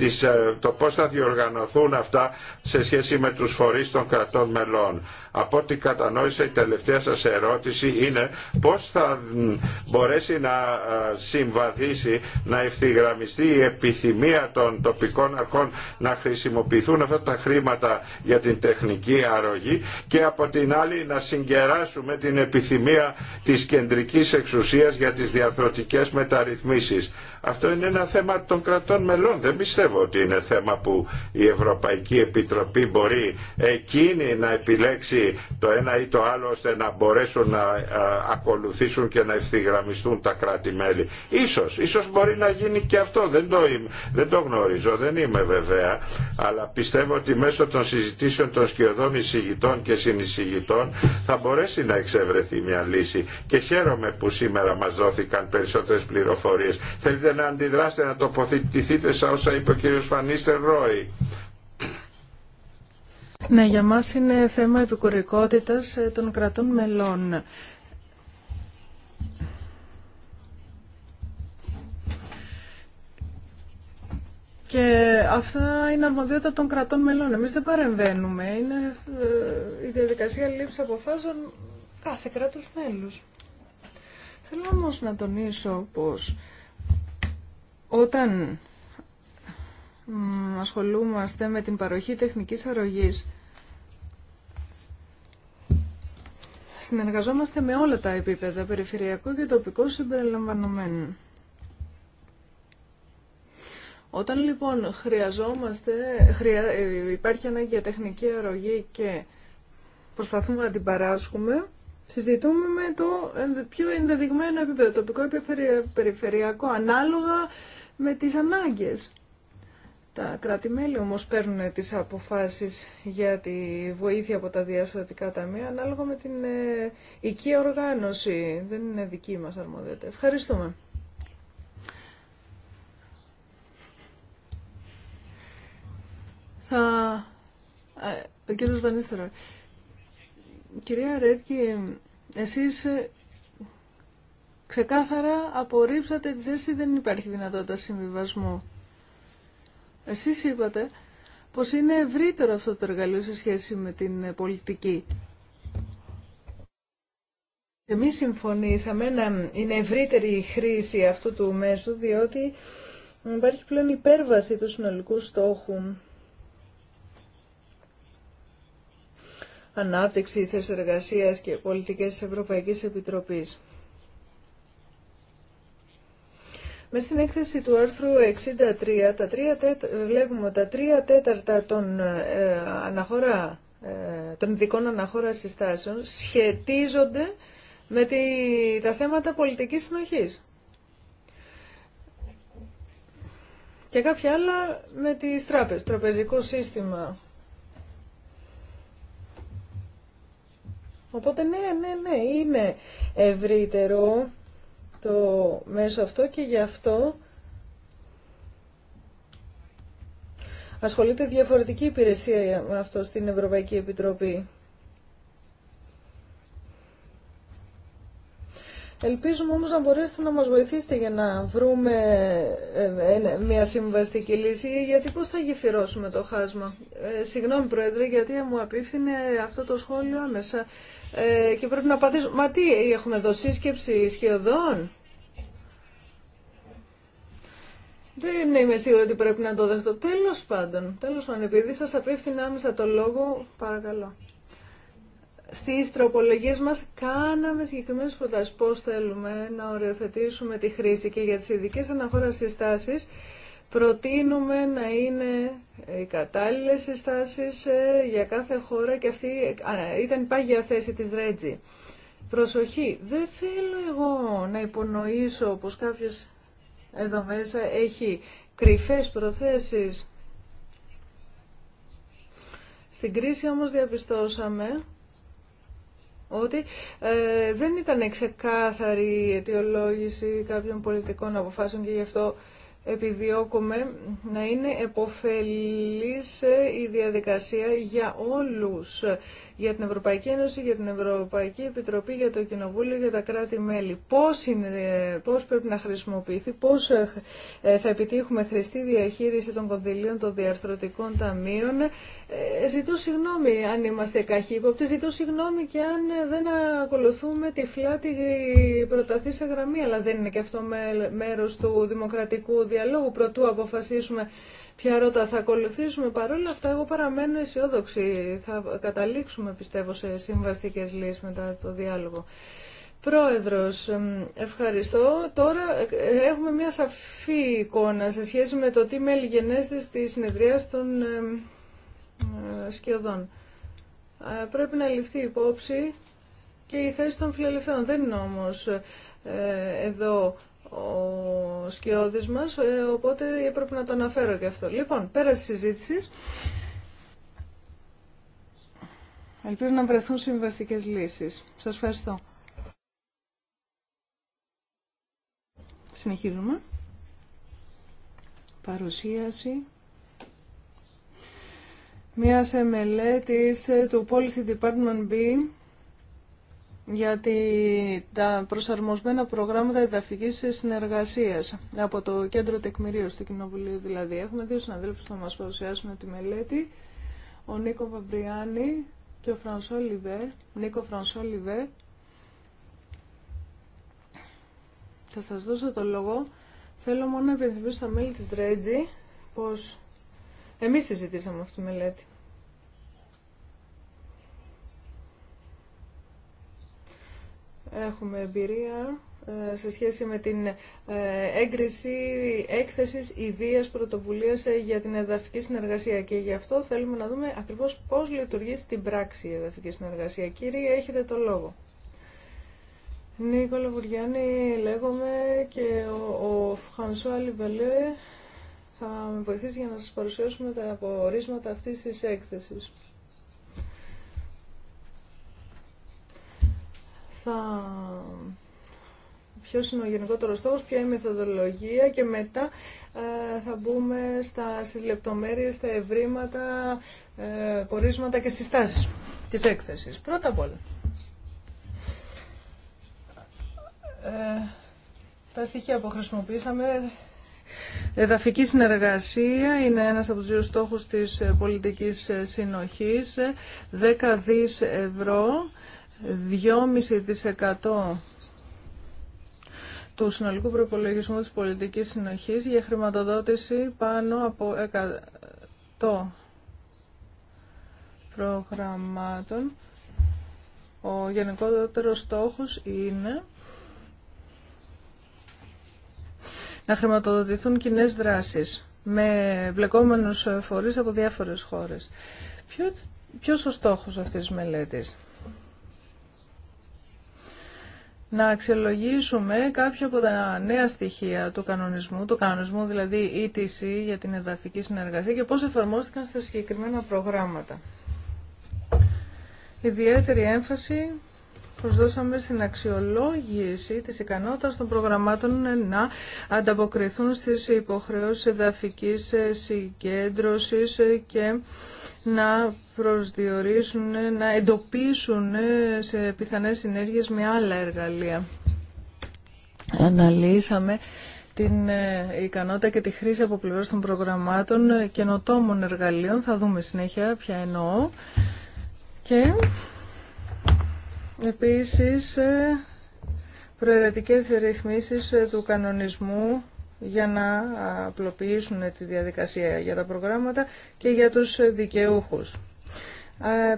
το πώς θα διοργανωθούν αυτά σε σχέση με τους φορείς των κρατών μελών από ό,τι κατανόησα η τελευταία σας ερώτηση είναι πώς θα μπορέσει να συμβαδίσει, να ευθυγραμμιστεί η επιθυμία των τοπικών αρχών να χρησιμοποιηθούν αυτά τα χρήματα για την τεχνική αρρωγή και από την άλλη να συγκεράσουμε την επιθυμία της κεντρικής εξουσίας για τις διαρθρωτικές μεταρρυθμίσεις. Αυτό είναι ένα θέμα των κρατών μελών. Δεν πιστεύω ότι είναι θέμα που η Ευρωπαϊκή Επιτροπή μπορεί εκείνη να επιλέξει το ένα ή το άλλο ώστε να μπορέσουν να ακολουθήσουν και να ευθυγραμμιστούν τα κράτη-μέλη. Ίσως, ίσως μπορεί να γίνει και αυτό, δεν το, δεν το γνωρίζω, δεν είμαι βέβαια, αλλά πιστεύω ότι μέσω των συζητήσεων των σκιωδών εισηγητών και συνεισηγητών θα μπορέσει να εξευρεθεί μια λύση και χαίρομαι που σήμερα μας δόθηκαν περισσότερες πληροφορίες. Θέλετε να αντιδράσετε, να τοποθετηθείτε σαν όσα είπε ο κύριος Φανίστερ Ρόι. Ναι, για μας είναι θέμα επικουρικότητας ε, των κρατών μελών. Και αυτά είναι αρμοδιότητα των κρατών μελών. Εμείς δεν παρεμβαίνουμε. Είναι ε, η διαδικασία λήψη αποφάσεων κάθε κράτους μέλους. Θέλω όμως να τονίσω πως όταν ασχολούμαστε με την παροχή τεχνικής αρρωγής. Συνεργαζόμαστε με όλα τα επίπεδα, περιφερειακό και τοπικό συμπεριλαμβανομένου. Όταν λοιπόν χρειαζόμαστε, ε, υπάρχει ανάγκη για τεχνική αρρωγή και προσπαθούμε να την παράσχουμε, συζητούμε με το πιο ενδεδειγμένο επίπεδο, τοπικό ή περιφερειακό, ανάλογα με τις ανάγκες. Τα κράτη-μέλη όμως παίρνουν τις αποφάσεις για τη βοήθεια από τα διαστατικά ταμεία ανάλογα με την ε, οικία οργάνωση. Δεν είναι δική μας αρμοδιότητα. Ευχαριστούμε. Θα... Ε, ο Βανίστερα. Κυρία Ρέτκη, εσείς ε, ξεκάθαρα απορρίψατε τη θέση δεν υπάρχει δυνατότητα συμβιβασμού. Εσείς είπατε πως είναι ευρύτερο αυτό το εργαλείο σε σχέση με την πολιτική. Εμείς συμφωνήσαμε να είναι ευρύτερη η χρήση αυτού του μέσου, διότι υπάρχει πλέον υπέρβαση του συνολικού στόχου. Ανάπτυξη θέση εργασίας και πολιτικές της Ευρωπαϊκής Επιτροπής. Με στην έκθεση του άρθρου 63, τα τρία βλέπουμε τα τρία τέταρτα των, ε, αναχώρα, ε, των ειδικών αναχώρα συστάσεων σχετίζονται με τη, τα θέματα πολιτικής συνοχής. Και κάποια άλλα με τις τράπεζες, τραπεζικό σύστημα. Οπότε ναι, ναι, ναι, είναι ευρύτερο το μέσο αυτό και γι' αυτό ασχολείται διαφορετική υπηρεσία με αυτό στην Ευρωπαϊκή Επιτροπή. Ελπίζουμε όμως να μπορέσετε να μας βοηθήσετε για να βρούμε ε, μια συμβαστική λύση, γιατί πώς θα γεφυρώσουμε το χάσμα. Ε, συγγνώμη Πρόεδρε, γιατί μου απίφθινε αυτό το σχόλιο άμεσα ε, και πρέπει να απαντήσω. Μα τι, έχουμε εδώ σύσκεψη σχεδόν. Δεν είμαι σίγουρη ότι πρέπει να το δεχτώ. Τέλος πάντων, τέλος πάντων, επειδή σας απίφθηνε άμεσα το λόγο, παρακαλώ στις τροπολογίες μας κάναμε συγκεκριμένες προτάσεις πώς θέλουμε να οριοθετήσουμε τη χρήση και για τις ειδικέ αναχώρες συστάσεις προτείνουμε να είναι οι κατάλληλες συστάσεις ε, για κάθε χώρα και αυτή ήταν η πάγια θέση της Ρέτζη. Προσοχή, δεν θέλω εγώ να υπονοήσω πως κάποιος εδώ μέσα έχει κρυφές προθέσεις. Στην κρίση όμως διαπιστώσαμε ότι ε, δεν ήταν ξεκάθαρη η αιτιολόγηση κάποιων πολιτικών αποφάσεων και γι' αυτό επιδιώκουμε να είναι εποφελής ε, η διαδικασία για όλους, για την Ευρωπαϊκή Ένωση, για την Ευρωπαϊκή Επιτροπή, για το Κοινοβούλιο, για τα κράτη-μέλη. Πώς, πώς πρέπει να χρησιμοποιηθεί, πώς ε, θα επιτύχουμε χρηστή διαχείριση των κονδυλίων των διαρθρωτικών ταμείων ε, ζητώ συγγνώμη αν είμαστε καχύποπτοι, ζητώ συγγνώμη και αν δεν ακολουθούμε τη τη προταθή σε γραμμή, αλλά δεν είναι και αυτό μέρος του δημοκρατικού διαλόγου. Προτού αποφασίσουμε ποια ρότα θα ακολουθήσουμε, παρόλα αυτά εγώ παραμένω αισιόδοξη. Θα καταλήξουμε πιστεύω σε συμβαστικές λύσεις μετά το διάλογο. Πρόεδρος, ευχαριστώ. Τώρα ε, έχουμε μια σαφή εικόνα σε σχέση με το τι μέλη γενέστε στη συνεδρία των ε, σκιωδών. Ε, πρέπει να ληφθεί υπόψη και η θέση των φιλελευθέρων. Δεν είναι όμως ε, εδώ ο σκιώδης μας, οπότε έπρεπε να το αναφέρω και αυτό. Λοιπόν, πέρασε συζήτηση. Ελπίζω να βρεθούν συμβαστικές λύσεις. Σας ευχαριστώ. Συνεχίζουμε. Παρουσίαση Μία μελέτη του Policy Department B για τα προσαρμοσμένα προγράμματα εδαφική συνεργασίας από το Κέντρο Τεκμηρίου του Κοινοβουλίου δηλαδή. Έχουμε δύο συναδέλφου που θα μα παρουσιάσουν τη μελέτη, ο Νίκο Βαμπριάνη και ο Φρανσό Λιβέρ, Νίκο Φρανσό Λιβέρ. Θα σας δώσω το λόγο. Θέλω μόνο να επενθυμίσω στα μέλη της Ρέτζη πως εμείς τη ζητήσαμε αυτή τη μελέτη. Έχουμε εμπειρία ε, σε σχέση με την ε, έγκριση έκθεσης ιδίας πρωτοβουλίας ε, για την εδαφική συνεργασία και γι' αυτό θέλουμε να δούμε ακριβώς πώς λειτουργεί στην πράξη η εδαφική συνεργασία. Κύριε, έχετε το λόγο. Νίκολα Βουριάννη λέγομαι και ο, ο Φρανσουά θα με βοηθήσει για να σας παρουσιάσουμε τα απορίσματα αυτής της έκθεσης. Θα... Ποιος είναι ο γενικότερο στόχο, ποια είναι η μεθοδολογία και μετά ε, θα μπούμε στα, στις λεπτομέρειες, στα ευρήματα, ε, πορίσματα και συστάσεις της έκθεσης. Πρώτα απ' όλα. Ε, τα στοιχεία που χρησιμοποίησαμε Εδαφική συνεργασία είναι ένας από τους δύο στόχους της πολιτικής συνοχής. 10 δις ευρώ, 2,5% του συνολικού προπολογισμού της πολιτικής συνοχής για χρηματοδότηση πάνω από 100 προγραμμάτων. Ο γενικότερος στόχος είναι να χρηματοδοτηθούν κοινέ δράσει με βλεκόμενου φορείς από διάφορες χώρες. Ποιο, ποιος ο στόχος αυτής της μελέτης? Να αξιολογήσουμε κάποια από τα νέα στοιχεία του κανονισμού, του κανονισμού δηλαδή ETC για την εδαφική συνεργασία και πώς εφαρμόστηκαν στα συγκεκριμένα προγράμματα. Ιδιαίτερη έμφαση προσδώσαμε στην αξιολόγηση της ικανότητας των προγραμμάτων να ανταποκριθούν στις υποχρεώσεις εδαφικής συγκέντρωσης και να προσδιορίσουν, να εντοπίσουν σε πιθανές συνέργειες με άλλα εργαλεία. Αναλύσαμε την ε, ικανότητα και τη χρήση από πλευράς των προγραμμάτων ε, καινοτόμων εργαλείων. Θα δούμε συνέχεια ποια εννοώ. Επίσης, ε, προαιρετικές ρυθμίσεις ε, του κανονισμού για να απλοποιήσουν τη διαδικασία για τα προγράμματα και για τους δικαιούχους.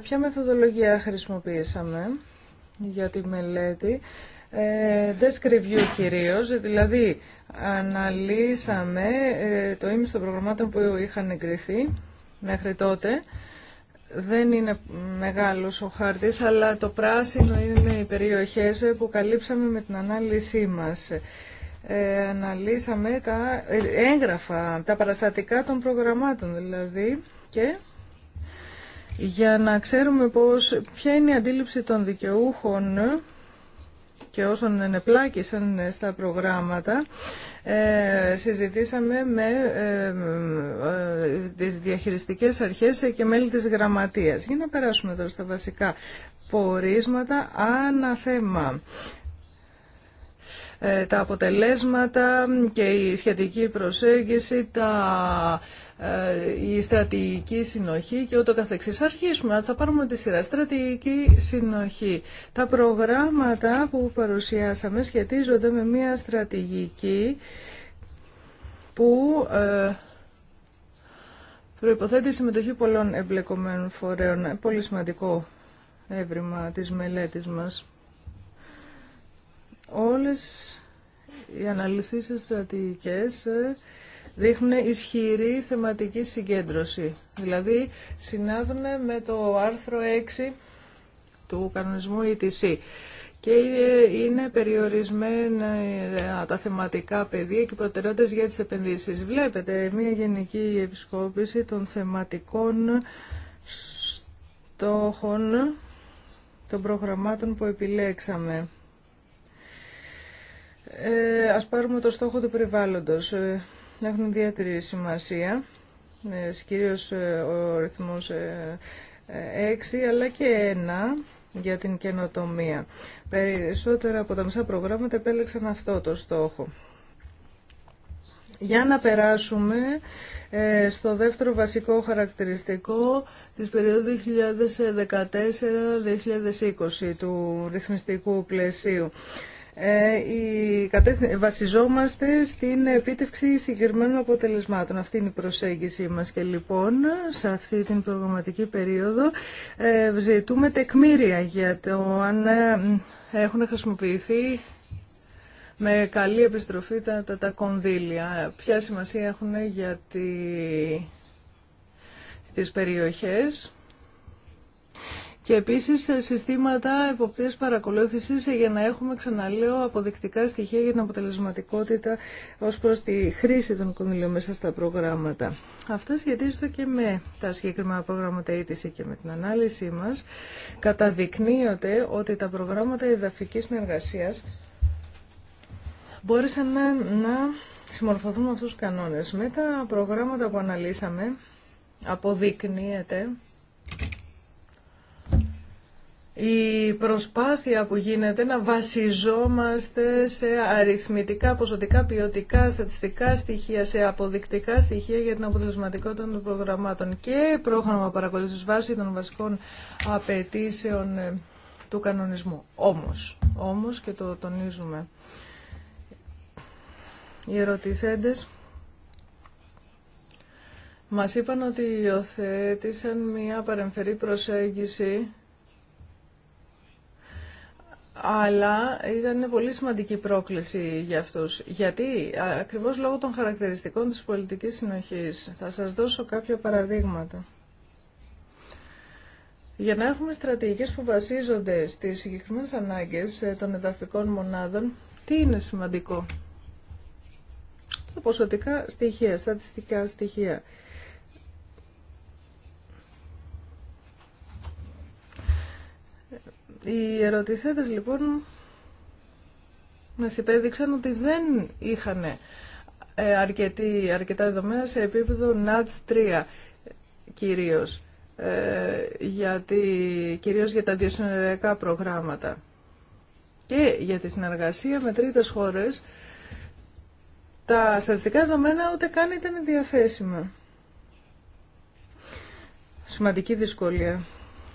Ποια μεθοδολογία χρησιμοποίησαμε για τη μελέτη. Ε, desk review κυρίως, δηλαδή αναλύσαμε το ίμιση των προγραμμάτων που είχαν εγκριθεί μέχρι τότε δεν είναι μεγάλος ο χάρτης, αλλά το πράσινο είναι οι περιοχές που καλύψαμε με την ανάλυση μας. Ε, αναλύσαμε τα έγγραφα, τα παραστατικά των προγραμμάτων δηλαδή και για να ξέρουμε πώς, ποια είναι η αντίληψη των δικαιούχων και όσων ενεπλάκησαν στα προγράμματα. Ε, συζητήσαμε με ε, ε, τις διαχειριστικές αρχές και μέλη της γραμματείας. Για να περάσουμε τώρα στα βασικά πορίσματα ανά θέμα ε, τα αποτελέσματα και η σχετική προσέγγιση, τα ε, η στρατηγική συνοχή και ούτω καθεξής. Αρχίσουμε, θα πάρουμε τη σειρά. Στρατηγική συνοχή. Τα προγράμματα που παρουσιάσαμε σχετίζονται με μια στρατηγική που ε, προϋποθέτει συμμετοχή πολλών εμπλεκομένων φορέων. Ε, πολύ σημαντικό έβριμα της μελέτης μας. Όλες οι αναλυθήσεις στρατηγικές δείχνουν ισχυρή θεματική συγκέντρωση. Δηλαδή συνάδουν με το άρθρο 6 του κανονισμού ETC. Και είναι περιορισμένα ε, τα θεματικά πεδία και προτεραιότητες για τις επενδύσεις. Βλέπετε μια γενική επισκόπηση των θεματικών στόχων των προγραμμάτων που επιλέξαμε. Ε, ας πάρουμε το στόχο του περιβάλλοντος. Ε, έχουν ιδιαίτερη σημασία, ε, κυρίως ε, ο ρυθμός 6 ε, αλλά και 1 για την καινοτομία. Περισσότερα από τα μισά προγράμματα επέλεξαν αυτό το στόχο. Για να περάσουμε στο δεύτερο βασικό χαρακτηριστικό της περίοδου 2014-2020 του ρυθμιστικού πλαισίου. Ε, βασιζόμαστε στην επίτευξη συγκεκριμένων αποτελεσμάτων. Αυτή είναι η προσέγγιση μας και λοιπόν σε αυτή την προγραμματική περίοδο ε, ζητούμε τεκμήρια για το αν ε, έχουν χρησιμοποιηθεί με καλή επιστροφή τα, τα, κονδύλια. Ποια σημασία έχουν για τη, τις περιοχές και επίσης ε, συστήματα εποπτείας παρακολούθησης ε, για να έχουμε ξαναλέω αποδεικτικά στοιχεία για την αποτελεσματικότητα ως προς τη χρήση των κονδυλίων μέσα στα προγράμματα. Αυτά σχετίζονται και με τα συγκεκριμένα προγράμματα αίτηση και με την ανάλυση μας. Καταδεικνύεται ότι τα προγράμματα εδαφικής συνεργασίας μπόρεσαν να, να συμμορφωθούν με αυτούς τους κανόνες. Με τα προγράμματα που αναλύσαμε αποδεικνύεται η προσπάθεια που γίνεται να βασιζόμαστε σε αριθμητικά, ποσοτικά, ποιοτικά, στατιστικά στοιχεία, σε αποδεικτικά στοιχεία για την αποτελεσματικότητα των προγραμμάτων και πρόγραμμα παρακολούθησης βάση των βασικών απαιτήσεων ε, του κανονισμού. Όμως, όμως και το τονίζουμε, οι ερωτηθέντες μας είπαν ότι υιοθέτησαν μια παρεμφερή προσέγγιση αλλά ήταν πολύ σημαντική πρόκληση για αυτούς. Γιατί, ακριβώς λόγω των χαρακτηριστικών της πολιτικής συνοχής, θα σας δώσω κάποια παραδείγματα. Για να έχουμε στρατηγικές που βασίζονται στις συγκεκριμένες ανάγκες ε, των εδαφικών μονάδων, τι είναι σημαντικό. Τα ποσοτικά στοιχεία, στατιστικά στοιχεία. Οι ερωτηθέτες, λοιπόν μας υπέδειξαν ότι δεν είχαν ε, αρκετή, αρκετά δεδομένα σε επίπεδο νατς 3 κυρίως, ε, γιατί, κυρίως για τα διασυνοριακά προγράμματα και για τη συνεργασία με τρίτες χώρες τα στατιστικά δεδομένα ούτε καν ήταν διαθέσιμα. Σημαντική δυσκολία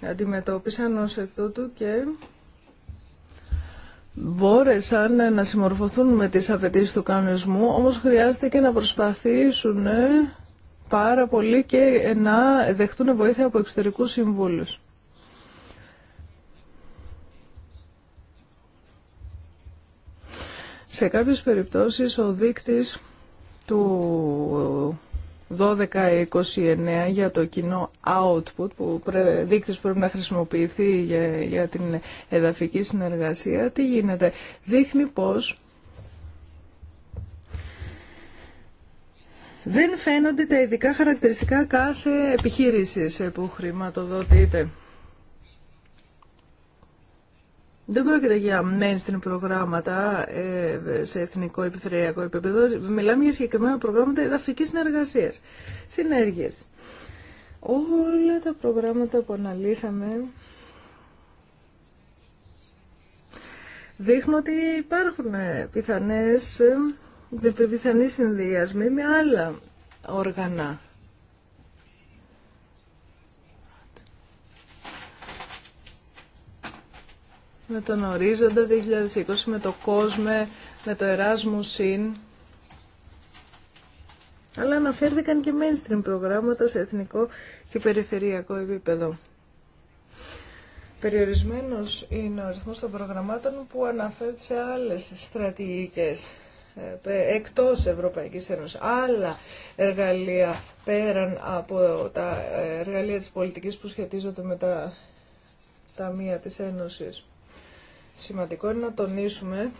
αντιμετώπισαν ως εκ τούτου και μπόρεσαν να συμμορφωθούν με τις απαιτήσει του κανονισμού, όμως χρειάζεται και να προσπαθήσουν πάρα πολύ και να δεχτούν βοήθεια από εξωτερικούς συμβούλους. Σε κάποιες περιπτώσεις ο δείκτης του 12-29 για το κοινό output, που πρέ, δείκτης που πρέπει να χρησιμοποιηθεί για, την εδαφική συνεργασία, τι γίνεται. Δείχνει πως δεν φαίνονται τα ειδικά χαρακτηριστικά κάθε επιχείρησης που χρηματοδοτείται. Δεν πρόκειται για mainstream προγράμματα ε, σε εθνικό επιφερειακό επίπεδο. Μιλάμε για συγκεκριμένα προγράμματα εδαφική συνεργασία. συνέργειες. Όλα τα προγράμματα που αναλύσαμε δείχνουν ότι υπάρχουν πιθανές, ε, συνδυασμοί με άλλα όργανα με τον Ορίζοντα 2020, με το Κόσμε, με το Erasmus Συν. Αλλά αναφέρθηκαν και mainstream προγράμματα σε εθνικό και περιφερειακό επίπεδο. Περιορισμένος είναι ο αριθμός των προγραμμάτων που αναφέρεται σε άλλες στρατηγικές ε, εκτός Ευρωπαϊκής Ένωσης, άλλα εργαλεία πέραν από τα εργαλεία της πολιτικής που σχετίζονται με τα ταμεία της Ένωσης. Σημαντικό είναι να τονίσουμε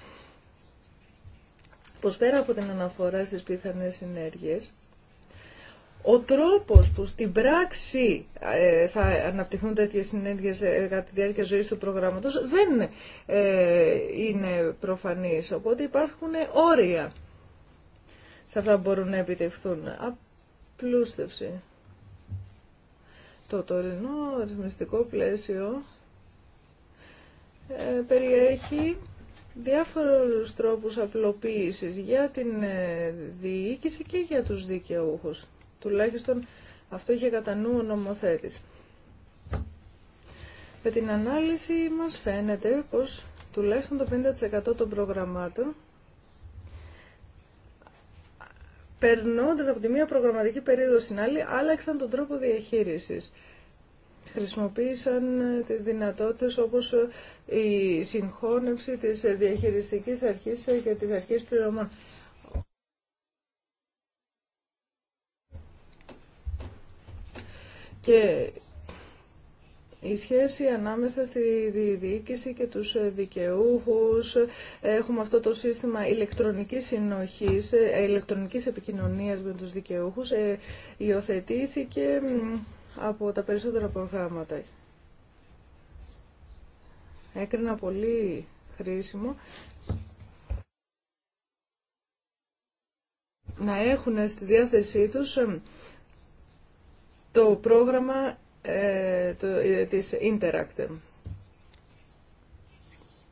πως πέρα από την αναφορά στις πιθανές συνέργειες, ο τρόπος που στην πράξη ε, θα αναπτυχθούν τέτοιες συνέργειες ε, κατά τη διάρκεια ζωής του προγράμματος δεν ε, είναι προφανής, οπότε υπάρχουν όρια σε αυτά που μπορούν να επιτευχθούν. Απλούστευση. Το τωρινό αριθμιστικό πλαίσιο ε, περιέχει διάφορους τρόπους απλοποίησης για την ε, διοίκηση και για τους δικαιούχους. Τουλάχιστον αυτό είχε κατά νου ο νομοθέτης. Με την ανάλυση μας φαίνεται πως τουλάχιστον το 50% των προγραμμάτων περνώντας από τη μία προγραμματική περίοδο στην άλλη άλλαξαν τον τρόπο διαχείρισης χρησιμοποίησαν δυνατότητα όπως η συγχώνευση της διαχειριστικής αρχής και της αρχής πληρωμών. Και η σχέση ανάμεσα στη διοίκηση και τους δικαιούχους. Έχουμε αυτό το σύστημα ηλεκτρονικής συνοχής, ε, ηλεκτρονικής επικοινωνίας με τους δικαιούχους. Ε, υιοθετήθηκε από τα περισσότερα προγράμματα. Έκρινα πολύ χρήσιμο να έχουν στη διάθεσή τους το πρόγραμμα ε, το, ε, της Interact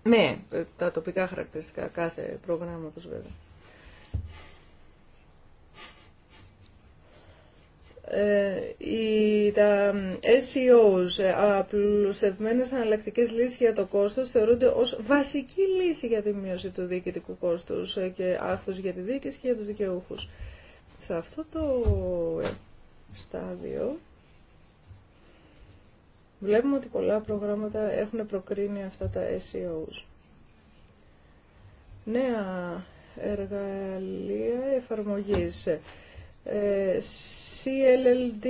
με τα τοπικά χαρακτηριστικά κάθε προγράμματος βέβαια. οι, ε, τα SEOs, ε, απλουστευμένες αναλλακτικές λύσεις για το κόστος, θεωρούνται ως βασική λύση για τη μείωση του διοικητικού κόστους ε, και άχθους για τη διοίκηση και για τους δικαιούχους. Σε αυτό το στάδιο βλέπουμε ότι πολλά προγράμματα έχουν προκρίνει αυτά τα SEOs. Νέα εργαλεία εφαρμογής. Ε, CLLD,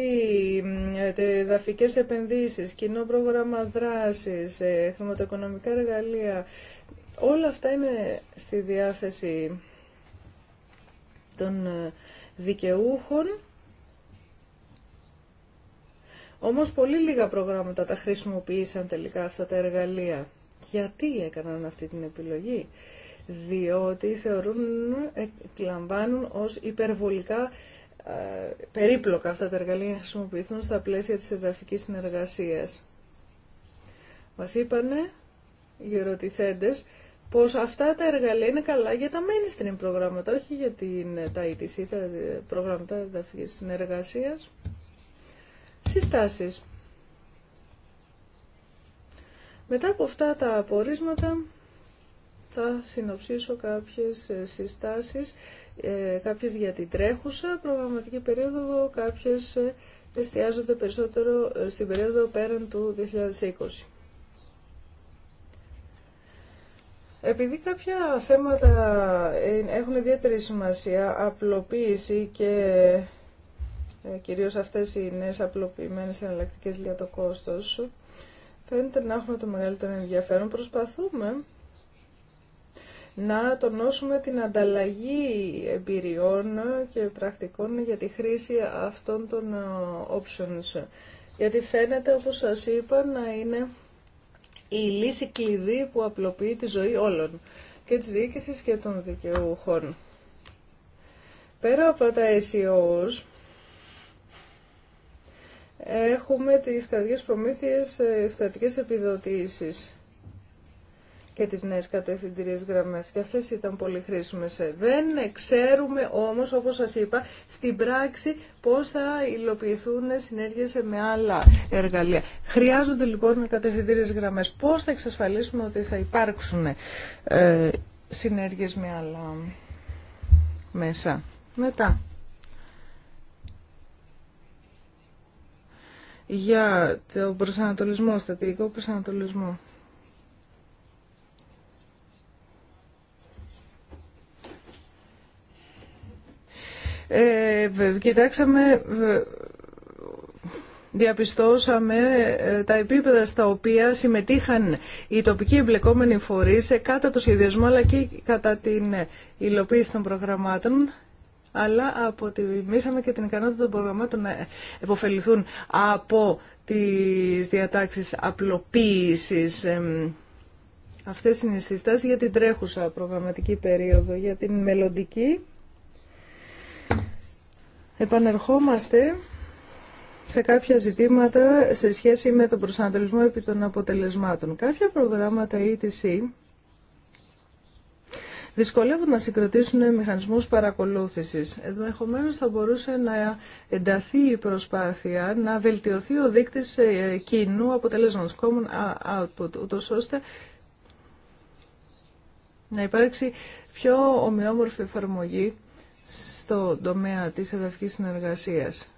ε, δαφικές επενδύσεις, κοινό πρόγραμμα δράσης, ε, χρηματοοικονομικά εργαλεία, όλα αυτά είναι στη διάθεση των δικαιούχων. Όμως πολύ λίγα προγράμματα τα χρησιμοποίησαν τελικά αυτά τα εργαλεία. Γιατί έκαναν αυτή την επιλογή. Διότι θεωρούν, εκλαμβάνουν ως υπερβολικά ε, περίπλοκα αυτά τα εργαλεία να χρησιμοποιηθούν στα πλαίσια της εδαφικής συνεργασίας. Μας είπανε οι ερωτηθέντες πως αυτά τα εργαλεία είναι καλά για τα mainstream προγράμματα, όχι για την, τα ETC, τα προγράμματα εδαφικής συνεργασίας. Συστάσεις. Μετά από αυτά τα απορίσματα θα συνοψίσω κάποιες ε, συστάσεις, ε, κάποιες για την τρέχουσα προγραμματική περίοδο, κάποιες ε, εστιάζονται περισσότερο στην περίοδο πέραν του 2020. Επειδή κάποια θέματα έχουν ιδιαίτερη σημασία, απλοποίηση και κυρίως αυτές οι νέες απλοποιημένες εναλλακτικές για το κόστος, φαίνεται να έχουμε το μεγαλύτερο ενδιαφέρον. Προσπαθούμε να τονώσουμε την ανταλλαγή εμπειριών και πρακτικών για τη χρήση αυτών των ε, options. Γιατί φαίνεται, όπως σας είπα, να είναι η λύση κλειδί που απλοποιεί τη ζωή όλων και τη διοίκηση και των δικαιούχων. Πέρα από τα SEOs, έχουμε τις κρατικές προμήθειες, ε, τις κρατικές επιδοτήσεις και τις νέες κατευθυντηρίες γραμμές και αυτές ήταν πολύ χρήσιμες. Δεν ξέρουμε όμως, όπως σας είπα, στην πράξη πώς θα υλοποιηθούν συνέργειες με άλλα εργαλεία. Χρειάζονται λοιπόν κατευθυντήριες γραμμές. Πώς θα εξασφαλίσουμε ότι θα υπάρξουν ε, συνέργειες με άλλα μέσα. Μετά. Για τον προσανατολισμό, στατικό προσανατολισμό. Ε, κοιτάξαμε διαπιστώσαμε ε, τα επίπεδα στα οποία συμμετείχαν οι τοπικοί εμπλεκόμενοι φορείς ε, κατά το σχεδιασμό αλλά και κατά την υλοποίηση των προγραμμάτων αλλά αποτιμήσαμε και την ικανότητα των προγραμμάτων να εποφεληθούν από τις διατάξεις απλοποίησης αυτές είναι οι συστάσεις για την τρέχουσα προγραμματική περίοδο, για την μελλοντική. Επανερχόμαστε σε κάποια ζητήματα σε σχέση με τον προσανατολισμό επί των αποτελεσμάτων. Κάποια προγράμματα ETC δυσκολεύουν να συγκροτήσουν μηχανισμούς παρακολούθησης. Ενδεχομένω θα μπορούσε να ενταθεί η προσπάθεια να βελτιωθεί ο δείκτης ε, κοινού αποτελέσματος, common output, ούτως ώστε να υπάρξει πιο ομοιόμορφη εφαρμογή στο τομέα της εδαφικής συνεργασίας.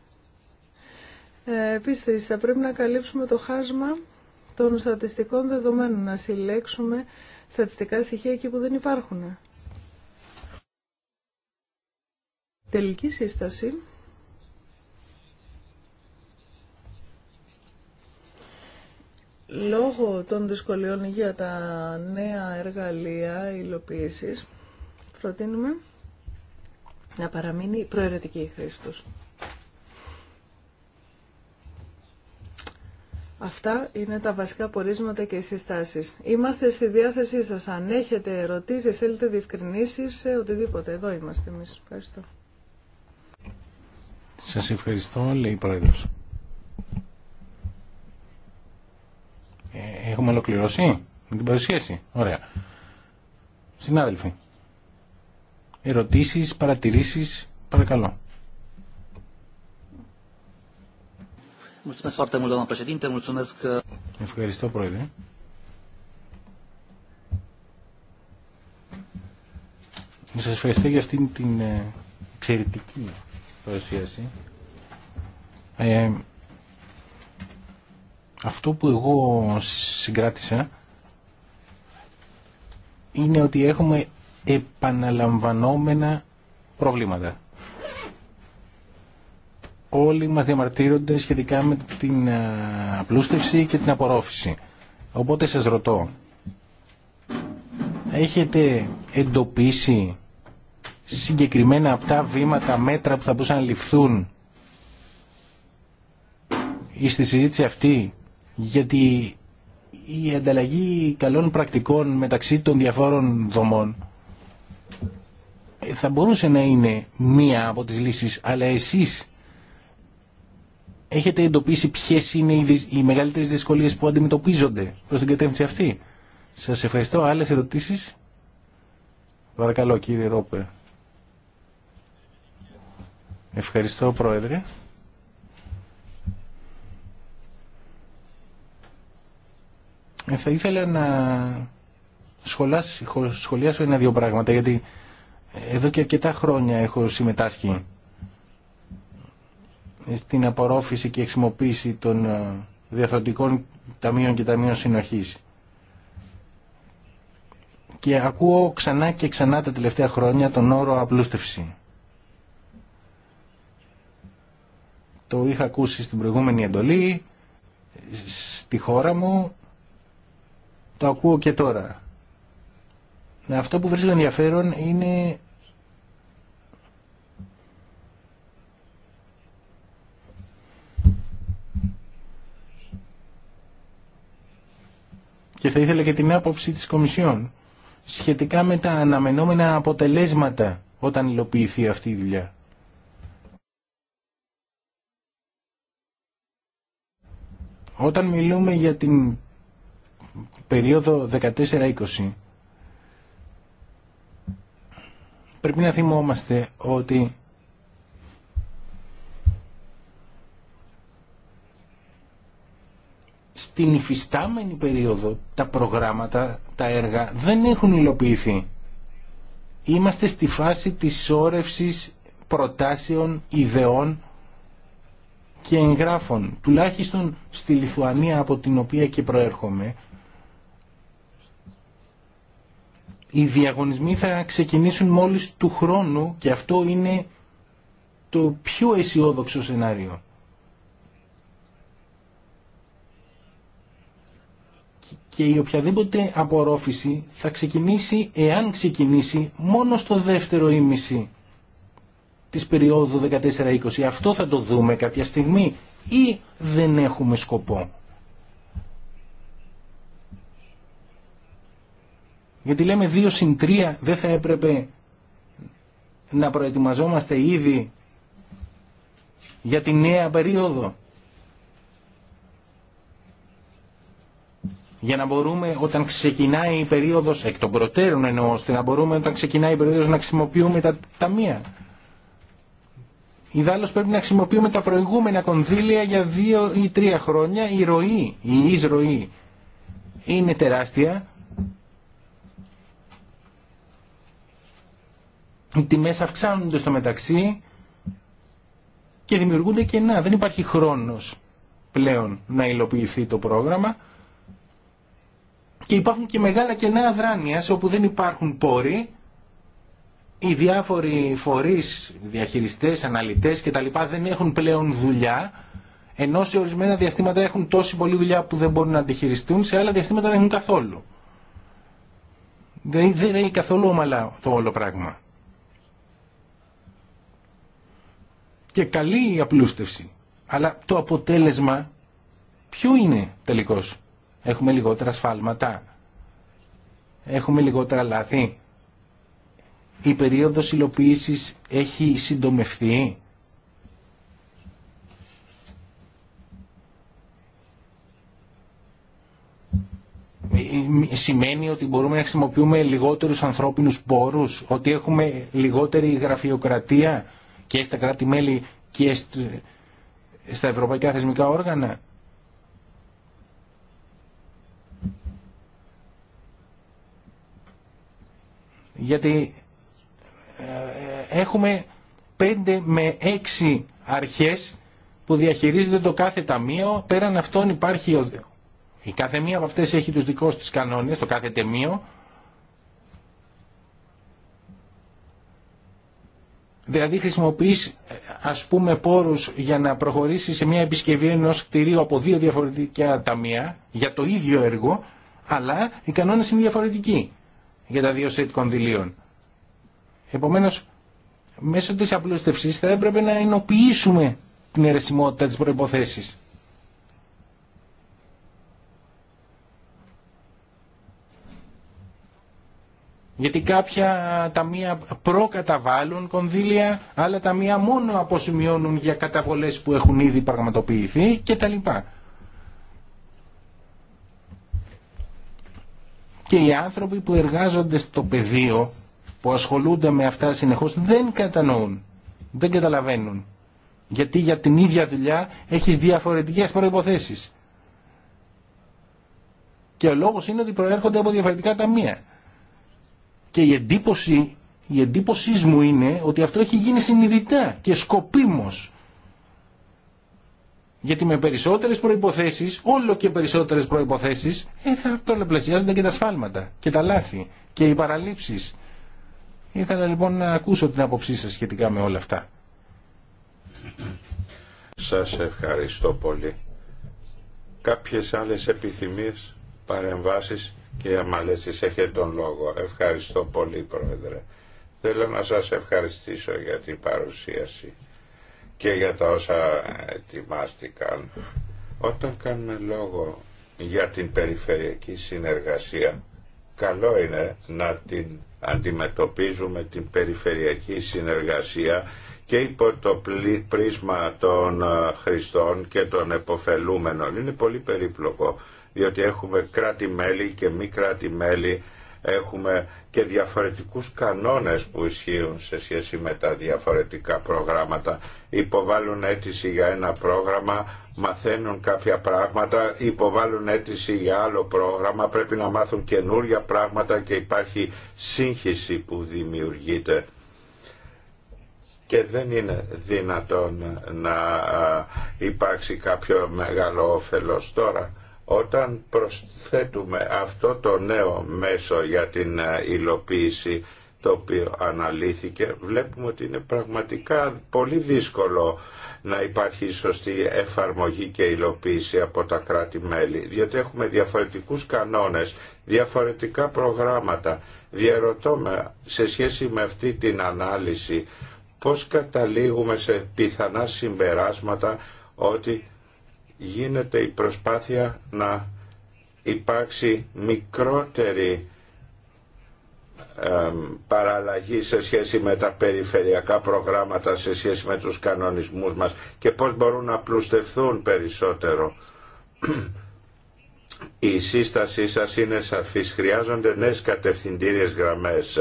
Ε, επίσης, θα πρέπει να καλύψουμε το χάσμα των στατιστικών δεδομένων, να συλλέξουμε στατιστικά στοιχεία εκεί που δεν υπάρχουν. Τελική σύσταση. Λόγω των δυσκολιών για τα νέα εργαλεία υλοποίησης, προτείνουμε να παραμείνει προαιρετική η χρήση τους. Αυτά είναι τα βασικά πορίσματα και οι συστάσεις. Είμαστε στη διάθεσή σας. Αν έχετε ερωτήσεις, θέλετε διευκρινήσεις, ε, οτιδήποτε. Εδώ είμαστε εμείς. Ευχαριστώ. Σας ευχαριστώ, λέει η Πρόεδρος. Ε, έχουμε ολοκληρώσει με την παρουσίαση. Ωραία. Συνάδελφοι ερωτήσεις, παρατηρήσεις, παρακαλώ. Ευχαριστώ Πρόεδρε. Σας ευχαριστώ για αυτήν την ε, εξαιρετική παρουσίαση. Ε, αυτό που εγώ συγκράτησα είναι ότι έχουμε επαναλαμβανόμενα προβλήματα. Όλοι μας διαμαρτύρονται σχετικά με την ε, απλούστευση και την απορρόφηση. Οπότε σας ρωτώ, έχετε εντοπίσει συγκεκριμένα αυτά βήματα, μέτρα που θα μπορούσαν να ληφθούν στη συζήτηση αυτή, γιατί η ανταλλαγή καλών πρακτικών μεταξύ των διαφόρων δομών θα μπορούσε να είναι μία από τις λύσεις, αλλά εσείς έχετε εντοπίσει ποιες είναι οι μεγαλύτερες δυσκολίες που αντιμετωπίζονται προς την κατεύθυνση αυτή. Σας ευχαριστώ. Άλλες ερωτήσεις. Παρακαλώ κύριε Ρόπε. Ευχαριστώ πρόεδρε. Ε, θα ήθελα να σχολιάσω ένα-δύο πράγματα, γιατί εδώ και αρκετά χρόνια έχω συμμετάσχει στην απορρόφηση και χρησιμοποίηση των ε, διαφορετικών ταμείων και ταμείων συνοχής. Και ακούω ξανά και ξανά τα τελευταία χρόνια τον όρο απλούστευση. Το είχα ακούσει στην προηγούμενη εντολή, στη χώρα μου, το ακούω και τώρα αυτό που βρίσκω ενδιαφέρον είναι και θα ήθελα και την άποψη της Κομισιόν σχετικά με τα αναμενόμενα αποτελέσματα όταν υλοποιηθεί αυτή η δουλειά. Όταν μιλούμε για την περίοδο 14-20 πρέπει να θυμόμαστε ότι στην υφιστάμενη περίοδο τα προγράμματα, τα έργα δεν έχουν υλοποιηθεί. Είμαστε στη φάση της όρευσης προτάσεων, ιδεών και εγγράφων. Τουλάχιστον στη Λιθουανία από την οποία και προέρχομαι οι διαγωνισμοί θα ξεκινήσουν μόλις του χρόνου και αυτό είναι το πιο αισιόδοξο σενάριο. Και η οποιαδήποτε απορρόφηση θα ξεκινήσει, εάν ξεκινήσει, μόνο στο δεύτερο ήμιση της περίοδου 14-20. Αυτό θα το δούμε κάποια στιγμή ή δεν έχουμε σκοπό Γιατί λέμε 2 συν 3 δεν θα έπρεπε να προετοιμαζόμαστε ήδη για τη νέα περίοδο. Για να μπορούμε όταν ξεκινάει η περίοδος, εκ των προτέρων εννοώ, ώστε να μπορούμε όταν ξεκινάει η περίοδος να χρησιμοποιούμε τα ταμεία. Ιδάλλως πρέπει να χρησιμοποιούμε τα προηγούμενα κονδύλια για δύο ή τρία χρόνια. Η ροή, η εισρωή ροή ειναι τεράστια οι τιμές αυξάνονται στο μεταξύ και δημιουργούνται κενά. Δεν υπάρχει χρόνος πλέον να υλοποιηθεί το πρόγραμμα και υπάρχουν και μεγάλα κενά αδράνεια όπου δεν υπάρχουν πόροι οι διάφοροι φορείς, διαχειριστές, αναλυτές κτλ. τα λοιπά δεν έχουν πλέον δουλειά ενώ σε ορισμένα διαστήματα έχουν τόση πολλή δουλειά που δεν μπορούν να αντιχειριστούν σε άλλα διαστήματα δεν έχουν καθόλου. Δεν έχει καθόλου ομαλά το όλο πράγμα. και καλή η απλούστευση. Αλλά το αποτέλεσμα ποιο είναι τελικώς. Έχουμε λιγότερα σφάλματα. Έχουμε λιγότερα λάθη. Η περίοδος υλοποίησης έχει συντομευθεί. Σημαίνει ότι μπορούμε να χρησιμοποιούμε λιγότερους ανθρώπινους πόρους, ότι έχουμε λιγότερη γραφειοκρατία, και στα κράτη-μέλη και στα ευρωπαϊκά θεσμικά όργανα. Γιατί ε, έχουμε 5 με 6 αρχές που διαχειρίζονται το κάθε ταμείο. Πέραν αυτών υπάρχει η κάθε μία από αυτές έχει τους δικούς της κανόνες, το κάθε ταμείο Δηλαδή χρησιμοποιείς ας πούμε πόρους για να προχωρήσεις σε μια επισκευή ενός κτηρίου από δύο διαφορετικά ταμεία για το ίδιο έργο, αλλά οι κανόνες είναι διαφορετικοί για τα δύο σετ κονδυλίων. Επομένως, μέσω της απλούστευσης θα έπρεπε να ενοποιήσουμε την αιρεσιμότητα της προϋποθέσης. Γιατί κάποια ταμεία προκαταβάλουν κονδύλια, άλλα ταμεία μόνο αποσημειώνουν για καταβολές που έχουν ήδη πραγματοποιηθεί κτλ. Και οι άνθρωποι που εργάζονται στο πεδίο, που ασχολούνται με αυτά συνεχώς, δεν κατανοούν, δεν καταλαβαίνουν. Γιατί για την ίδια δουλειά έχεις διαφορετικές προϋποθέσεις. Και ο λόγος είναι ότι προέρχονται από διαφορετικά ταμεία. Και η εντύπωση, η μου είναι ότι αυτό έχει γίνει συνειδητά και σκοπίμως. Γιατί με περισσότερες προϋποθέσεις, όλο και περισσότερες προϋποθέσεις, ε, θα τολεπλασιάζονται και τα σφάλματα και τα λάθη και οι παραλήψεις. Ήθελα λοιπόν να ακούσω την άποψή σας σχετικά με όλα αυτά. Σας ευχαριστώ πολύ. Κάποιες άλλες επιθυμίες, παρεμβάσεις Κυρία Μαλέτσης, έχετε τον λόγο. Ευχαριστώ πολύ, Πρόεδρε. Θέλω να σας ευχαριστήσω για την παρουσίαση και για τα όσα ετοιμάστηκαν. Όταν κάνουμε λόγο για την περιφερειακή συνεργασία, καλό είναι να την αντιμετωπίζουμε την περιφερειακή συνεργασία και υπό το πρίσμα των ε, χρηστών και των εποφελούμενων. Είναι πολύ περίπλοκο διότι έχουμε κράτη-μέλη και μη κράτη-μέλη, έχουμε και διαφορετικούς κανόνες που ισχύουν σε σχέση με τα διαφορετικά προγράμματα. Υποβάλλουν αίτηση για ένα πρόγραμμα, μαθαίνουν κάποια πράγματα, υποβάλλουν αίτηση για άλλο πρόγραμμα, πρέπει να μάθουν καινούρια πράγματα και υπάρχει σύγχυση που δημιουργείται και δεν είναι δυνατόν να υπάρξει κάποιο μεγάλο όφελος τώρα όταν προσθέτουμε αυτό το νέο μέσο για την ε, υλοποίηση το οποίο αναλύθηκε, βλέπουμε ότι είναι πραγματικά πολύ δύσκολο να υπάρχει σωστή εφαρμογή και υλοποίηση από τα κράτη-μέλη, διότι έχουμε διαφορετικούς κανόνες, διαφορετικά προγράμματα. Διαρωτώ με, σε σχέση με αυτή την ανάλυση, πώς καταλήγουμε σε πιθανά συμπεράσματα ότι γίνεται η προσπάθεια να υπάρξει μικρότερη παραλλαγή σε σχέση με τα περιφερειακά προγράμματα, σε σχέση με τους κανονισμούς μας και πώς μπορούν να πλουστευθούν περισσότερο. Η σύστασή σας είναι σαφής. Χρειάζονται νέες κατευθυντήριες γραμμές,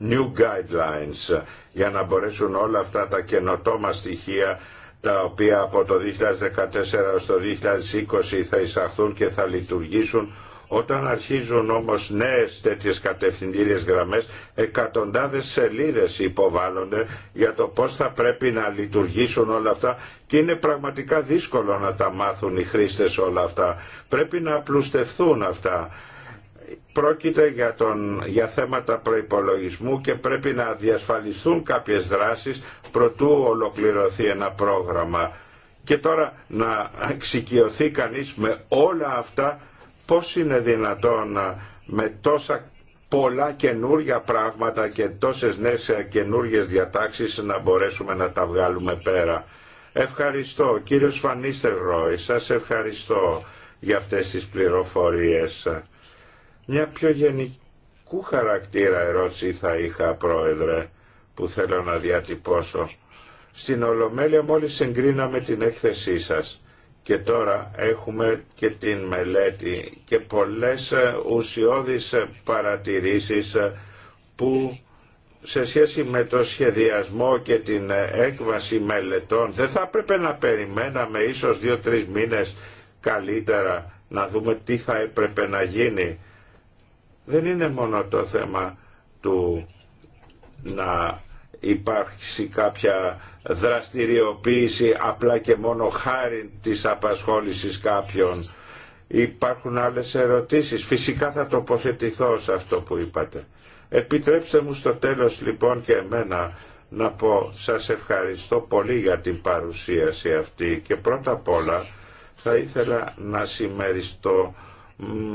new guidelines, για να μπορέσουν όλα αυτά τα καινοτόμα στοιχεία τα οποία από το 2014 έως το 2020 θα εισαχθούν και θα λειτουργήσουν όταν αρχίζουν όμως νέες τέτοιες κατευθυντήριες γραμμές, εκατοντάδες σελίδες υποβάλλονται για το πώς θα πρέπει να λειτουργήσουν όλα αυτά και είναι πραγματικά δύσκολο να τα μάθουν οι χρήστες όλα αυτά. Πρέπει να απλουστευτούν αυτά πρόκειται για, τον, για θέματα προϋπολογισμού και πρέπει να διασφαλιστούν κάποιες δράσεις προτού ολοκληρωθεί ένα πρόγραμμα. Και τώρα να εξοικειωθεί κανείς με όλα αυτά πώς είναι δυνατόν με τόσα πολλά καινούργια πράγματα και τόσες νέες καινούργιες διατάξεις να μπορέσουμε να τα βγάλουμε πέρα. Ευχαριστώ. Κύριος Φανίστερ Ρόι, σας ευχαριστώ για αυτές τις πληροφορίες. Μια πιο γενικού χαρακτήρα ερώτηση θα είχα, Πρόεδρε, που θέλω να διατυπώσω. Στην Ολομέλεια μόλις συγκρίναμε την έκθεσή σας και τώρα έχουμε και την μελέτη και πολλές ε, ουσιώδεις ε, παρατηρήσεις ε, που σε σχέση με το σχεδιασμό και την έκβαση μελετών δεν θα έπρεπε να περιμέναμε ίσως δύο-τρεις μήνες καλύτερα να δούμε τι θα έπρεπε να γίνει δεν είναι μόνο το θέμα του να υπάρξει κάποια δραστηριοποίηση απλά και μόνο χάρη της απασχόλησης κάποιων. Υπάρχουν άλλες ερωτήσεις. Φυσικά θα τοποθετηθώ σε αυτό που είπατε. Επιτρέψτε μου στο τέλος λοιπόν και εμένα να πω σας ευχαριστώ πολύ για την παρουσίαση αυτή και πρώτα απ' όλα θα ήθελα να συμμεριστώ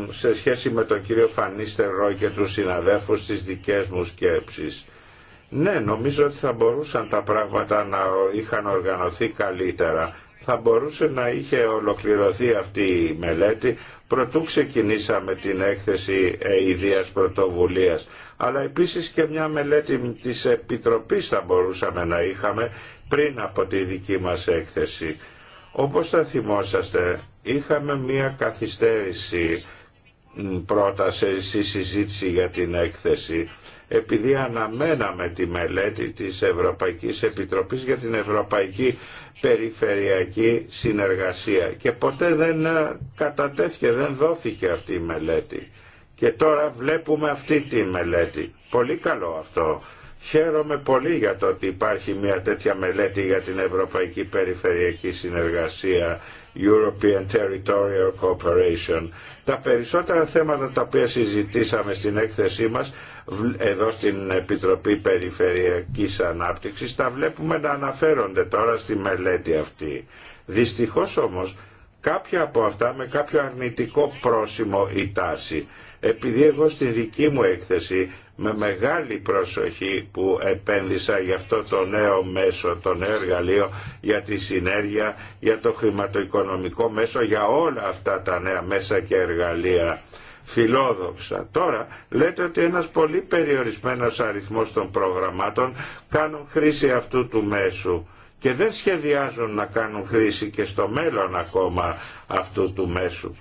σε σχέση με τον κύριο Φανίστερ και τους συναδέφους στις δικές μου σκέψεις. Ναι, νομίζω ότι θα μπορούσαν τα πράγματα να είχαν οργανωθεί καλύτερα. Θα μπορούσε να είχε ολοκληρωθεί αυτή η μελέτη προτού ξεκινήσαμε την έκθεση ε, ιδίας πρωτοβουλίας. Αλλά επίσης και μια μελέτη της Επιτροπής θα μπορούσαμε να είχαμε πριν από τη δική μας έκθεση. Όπως θα θυμόσαστε, είχαμε μία καθυστέρηση πρόταση στη συζήτηση για την έκθεση επειδή αναμέναμε τη μελέτη της Ευρωπαϊκής Επιτροπής για την Ευρωπαϊκή Περιφερειακή Συνεργασία και ποτέ δεν ε, κατατέθηκε, δεν δόθηκε αυτή η μελέτη. Και τώρα βλέπουμε αυτή τη μελέτη. Πολύ καλό αυτό. Χαίρομαι πολύ για το ότι υπάρχει μια τέτοια μελέτη για την Ευρωπαϊκή Περιφερειακή Συνεργασία, European Territorial Cooperation. Τα περισσότερα θέματα τα οποία συζητήσαμε στην έκθεσή μας εδώ στην Επιτροπή Περιφερειακής Ανάπτυξης τα βλέπουμε να αναφέρονται τώρα στη μελέτη αυτή. Δυστυχώς όμως κάποια από αυτά με κάποιο αρνητικό πρόσημο η τάση. Επειδή εγώ στη δική μου έκθεση με μεγάλη προσοχή που επένδυσα για αυτό το νέο μέσο, το νέο εργαλείο για τη συνέργεια, για το χρηματοοικονομικό μέσο, για όλα αυτά τα νέα μέσα και εργαλεία φιλόδοξα. Τώρα λέτε ότι ένας πολύ περιορισμένος αριθμός των προγραμμάτων κάνουν χρήση αυτού του μέσου και δεν σχεδιάζουν να κάνουν χρήση και στο μέλλον ακόμα αυτού του μέσου.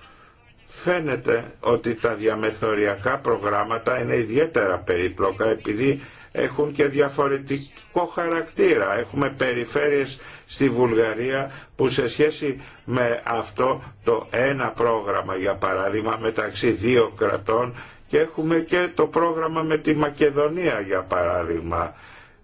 Φαίνεται ότι τα διαμεθοριακά προγράμματα είναι ιδιαίτερα περίπλοκα επειδή έχουν και διαφορετικό χαρακτήρα. Έχουμε περιφέρειες στη Βουλγαρία που σε σχέση με αυτό το ένα πρόγραμμα για παράδειγμα μεταξύ δύο κρατών και έχουμε και το πρόγραμμα με τη Μακεδονία για παράδειγμα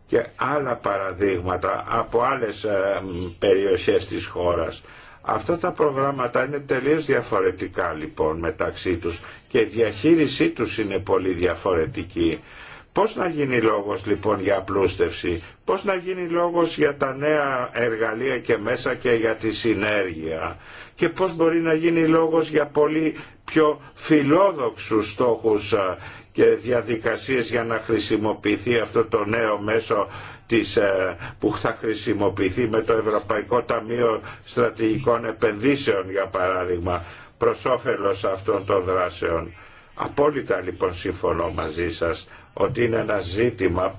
και άλλα παραδείγματα από άλλες ε, περιοχές της χώρας. Αυτά τα προγράμματα είναι τελείως διαφορετικά λοιπόν μεταξύ τους και η διαχείρισή τους είναι πολύ διαφορετική. Πώς να γίνει λόγος λοιπόν για απλούστευση, πώς να γίνει λόγος για τα νέα εργαλεία και μέσα και για τη συνέργεια και πώς μπορεί να γίνει λόγος για πολύ πιο φιλόδοξους στόχους ε, και διαδικασίες για να χρησιμοποιηθεί αυτό το νέο μέσο της, ε, που θα χρησιμοποιηθεί με το Ευρωπαϊκό Ταμείο Στρατηγικών Επενδύσεων για παράδειγμα προς όφελος αυτών των δράσεων. Απόλυτα λοιπόν συμφωνώ μαζί σας ότι είναι ένα ζήτημα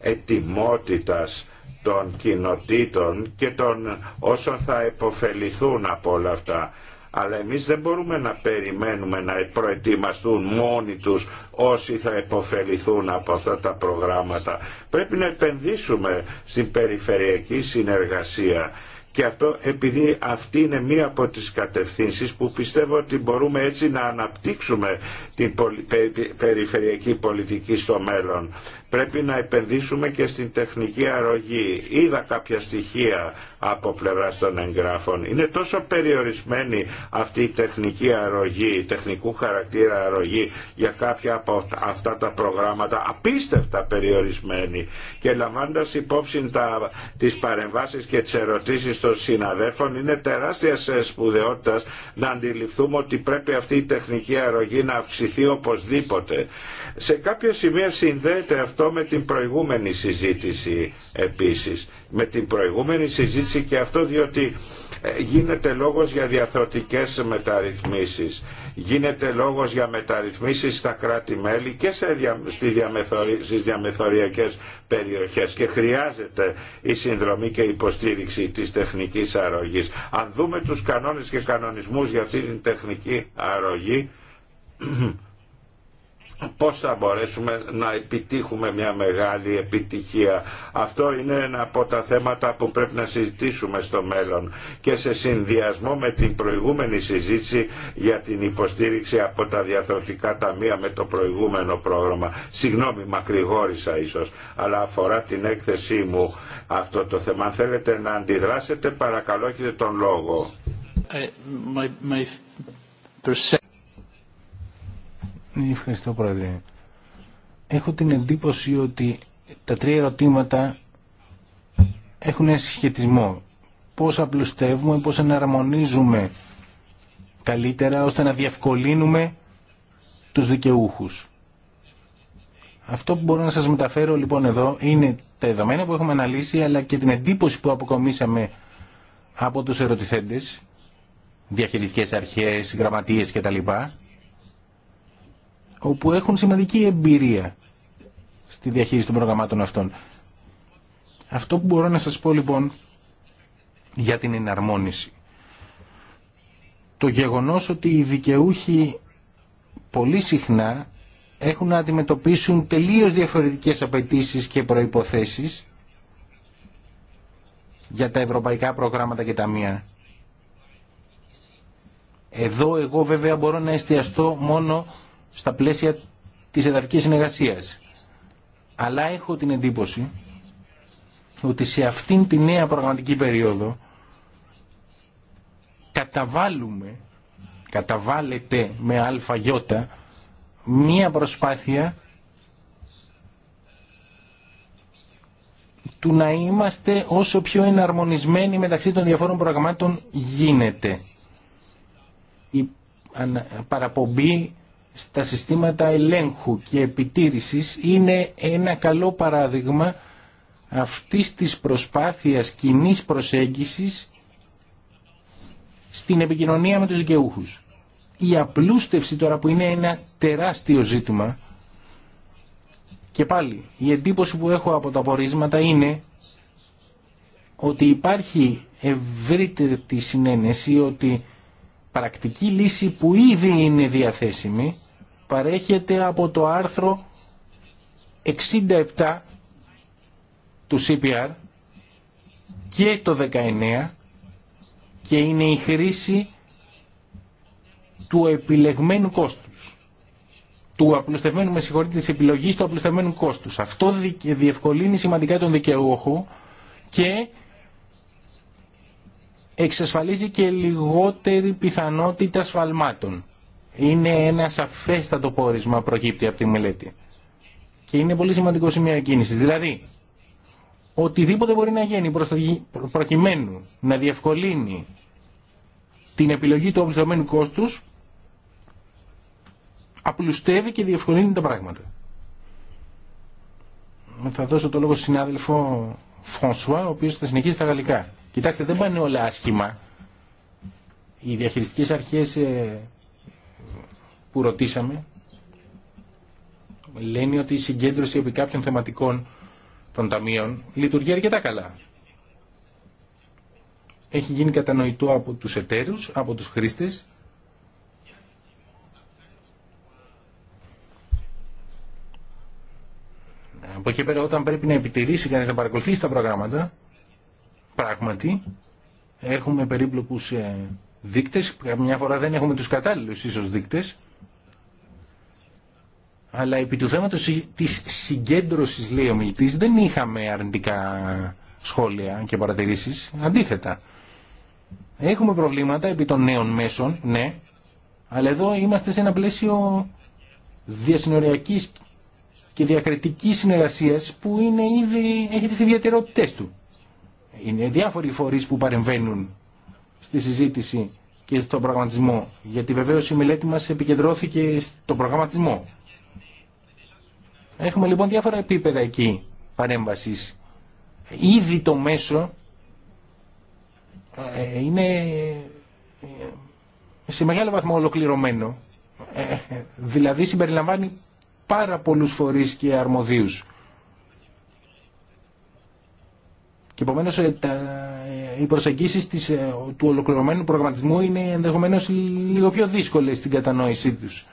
ετοιμότητας των κοινοτήτων και των όσων θα επωφεληθούν από όλα αυτά. Αλλά εμείς δεν μπορούμε να περιμένουμε να προετοιμαστούν μόνοι τους όσοι θα επωφεληθούν από αυτά τα προγράμματα. Πρέπει να επενδύσουμε στην περιφερειακή συνεργασία. Και αυτό επειδή αυτή είναι μία από τις κατευθύνσεις που πιστεύω ότι μπορούμε έτσι να αναπτύξουμε την περιφερειακή πολιτική στο μέλλον πρέπει να επενδύσουμε και στην τεχνική αρρωγή. Είδα κάποια στοιχεία από πλευρά των εγγράφων. Είναι τόσο περιορισμένη αυτή η τεχνική αρρωγή, η τεχνικού χαρακτήρα αρρωγή για κάποια από αυτά τα προγράμματα, απίστευτα περιορισμένη. Και λαμβάνοντα υπόψη τα, τις παρεμβάσεις και τις ερωτήσεις των συναδέλφων, είναι τεράστια σπουδαιότητα να αντιληφθούμε ότι πρέπει αυτή η τεχνική αρρωγή να αυξηθεί οπωσδήποτε. Σε κάποια σημεία συνδέεται αυτό με την προηγούμενη συζήτηση επίσης. Με την προηγούμενη συζήτηση και αυτό διότι ε, γίνεται λόγος για διαθροτικές μεταρρυθμίσεις. Γίνεται λόγος για μεταρρυθμίσεις στα κράτη-μέλη και σε, στις διαμεθοριακές περιοχές και χρειάζεται η συνδρομή και η υποστήριξη της τεχνικής αρρωγής. Αν δούμε τους κανόνες και κανονισμούς για αυτή την τεχνική αρρωγή πώς θα μπορέσουμε να επιτύχουμε μια μεγάλη επιτυχία. Αυτό είναι ένα από τα θέματα που πρέπει να συζητήσουμε στο μέλλον και σε συνδυασμό με την προηγούμενη συζήτηση για την υποστήριξη από τα διαθροτικά ταμεία με το προηγούμενο πρόγραμμα. Συγγνώμη, μακρηγόρησα ίσως, αλλά αφορά την έκθεσή μου αυτό το θέμα. Αν θέλετε να αντιδράσετε, παρακαλώ έχετε τον λόγο. Ε, Ευχαριστώ Πρόεδρε. Έχω την εντύπωση ότι τα τρία ερωτήματα έχουν ένα συσχετισμό. Πώς απλουστεύουμε, πώς αναρμονίζουμε καλύτερα ώστε να διευκολύνουμε τους δικαιούχους. Αυτό που μπορώ να σας μεταφέρω λοιπόν εδώ είναι τα δεδομένα που έχουμε αναλύσει αλλά και την εντύπωση που αποκομίσαμε από τους ερωτηθέντες, διαχειριστικές αρχές, γραμματείες κτλ όπου έχουν σημαντική εμπειρία στη διαχείριση των προγραμμάτων αυτών. Αυτό που μπορώ να σας πω λοιπόν για την εναρμόνιση. Το γεγονός ότι οι δικαιούχοι πολύ συχνά έχουν να αντιμετωπίσουν τελείως διαφορετικές απαιτήσεις και προϋποθέσεις για τα ευρωπαϊκά προγράμματα και τα μία. Εδώ εγώ βέβαια μπορώ να εστιαστώ μόνο στα πλαίσια της εδαφικής συνεργασίας. Αλλά έχω την εντύπωση ότι σε αυτήν τη νέα προγραμματική περίοδο καταβάλουμε, καταβάλλεται με αλφαγιώτα μία προσπάθεια του να είμαστε όσο πιο εναρμονισμένοι μεταξύ των διαφόρων προγραμμάτων γίνεται. Η παραπομπή στα συστήματα ελέγχου και επιτήρησης είναι ένα καλό παράδειγμα αυτής της προσπάθειας κοινή προσέγγισης στην επικοινωνία με τους δικαιούχους. Η απλούστευση τώρα που είναι ένα τεράστιο ζήτημα και πάλι η εντύπωση που έχω από τα πορίσματα είναι ότι υπάρχει ευρύτερη συνένεση ότι παρακτική λύση που ήδη είναι διαθέσιμη παρέχεται από το άρθρο 67 του CPR και το 19 και είναι η χρήση του επιλεγμένου κόστους του απλουστευμένου, με συγχωρείτε, της επιλογής του απλουστευμένου κόστους. Αυτό διευκολύνει σημαντικά τον δικαιούχο και εξασφαλίζει και λιγότερη πιθανότητα σφαλμάτων. Είναι ένα σαφέστατο πόρισμα προκύπτει από τη μελέτη. Και είναι πολύ σημαντικό σημείο κίνηση. Δηλαδή, οτιδήποτε μπορεί να γίνει προκειμένου να διευκολύνει την επιλογή του οπισθωμένου κόστους απλουστεύει και διευκολύνει τα πράγματα. Θα δώσω το λόγο στον συνάδελφο Φρανσουά, ο οποίος θα συνεχίσει στα γαλλικά. Κοιτάξτε, δεν πάνε όλα άσχημα. Οι διαχειριστικές αρχές ε, που ρωτήσαμε λένε ότι η συγκέντρωση επί κάποιων θεματικών των ταμείων λειτουργεί αρκετά καλά. Έχει γίνει κατανοητό από τους εταίρους, από τους χρήστες, Από εκεί πέρα όταν πρέπει να επιτηρήσει κανείς να παρακολουθήσει τα προγράμματα, Πράγματι, έχουμε περίπλοκους ε, δείκτες, καμιά φορά δεν έχουμε τους κατάλληλους ίσως δείκτες, αλλά επί του θέματος της συγκέντρωσης, λέει ο δεν είχαμε αρνητικά σχόλια και παρατηρήσεις, αντίθετα. Έχουμε προβλήματα επί των νέων μέσων, ναι, αλλά εδώ είμαστε σε ένα πλαίσιο διασυνοριακής και διακριτικής συνεργασίας που είναι ήδη, έχει τις ιδιαιτερότητές του είναι διάφοροι φορείς που παρεμβαίνουν στη συζήτηση και στον πραγματισμό Γιατί βεβαίως η μελέτη μας επικεντρώθηκε στον προγραμματισμό. Έχουμε λοιπόν διάφορα επίπεδα εκεί παρέμβασης. Ήδη το μέσο ε, ε, είναι ε, σε μεγάλο βαθμό ολοκληρωμένο. Δηλαδή συμπεριλαμβάνει πάρα πολλούς φορείς και αρμοδίους. Και επομένως ε, ε, οι προσεγγίσεις της, ε, του ολοκληρωμένου προγραμματισμού είναι ενδεχομένως λίγο πιο δύσκολες στην κατανόησή τους.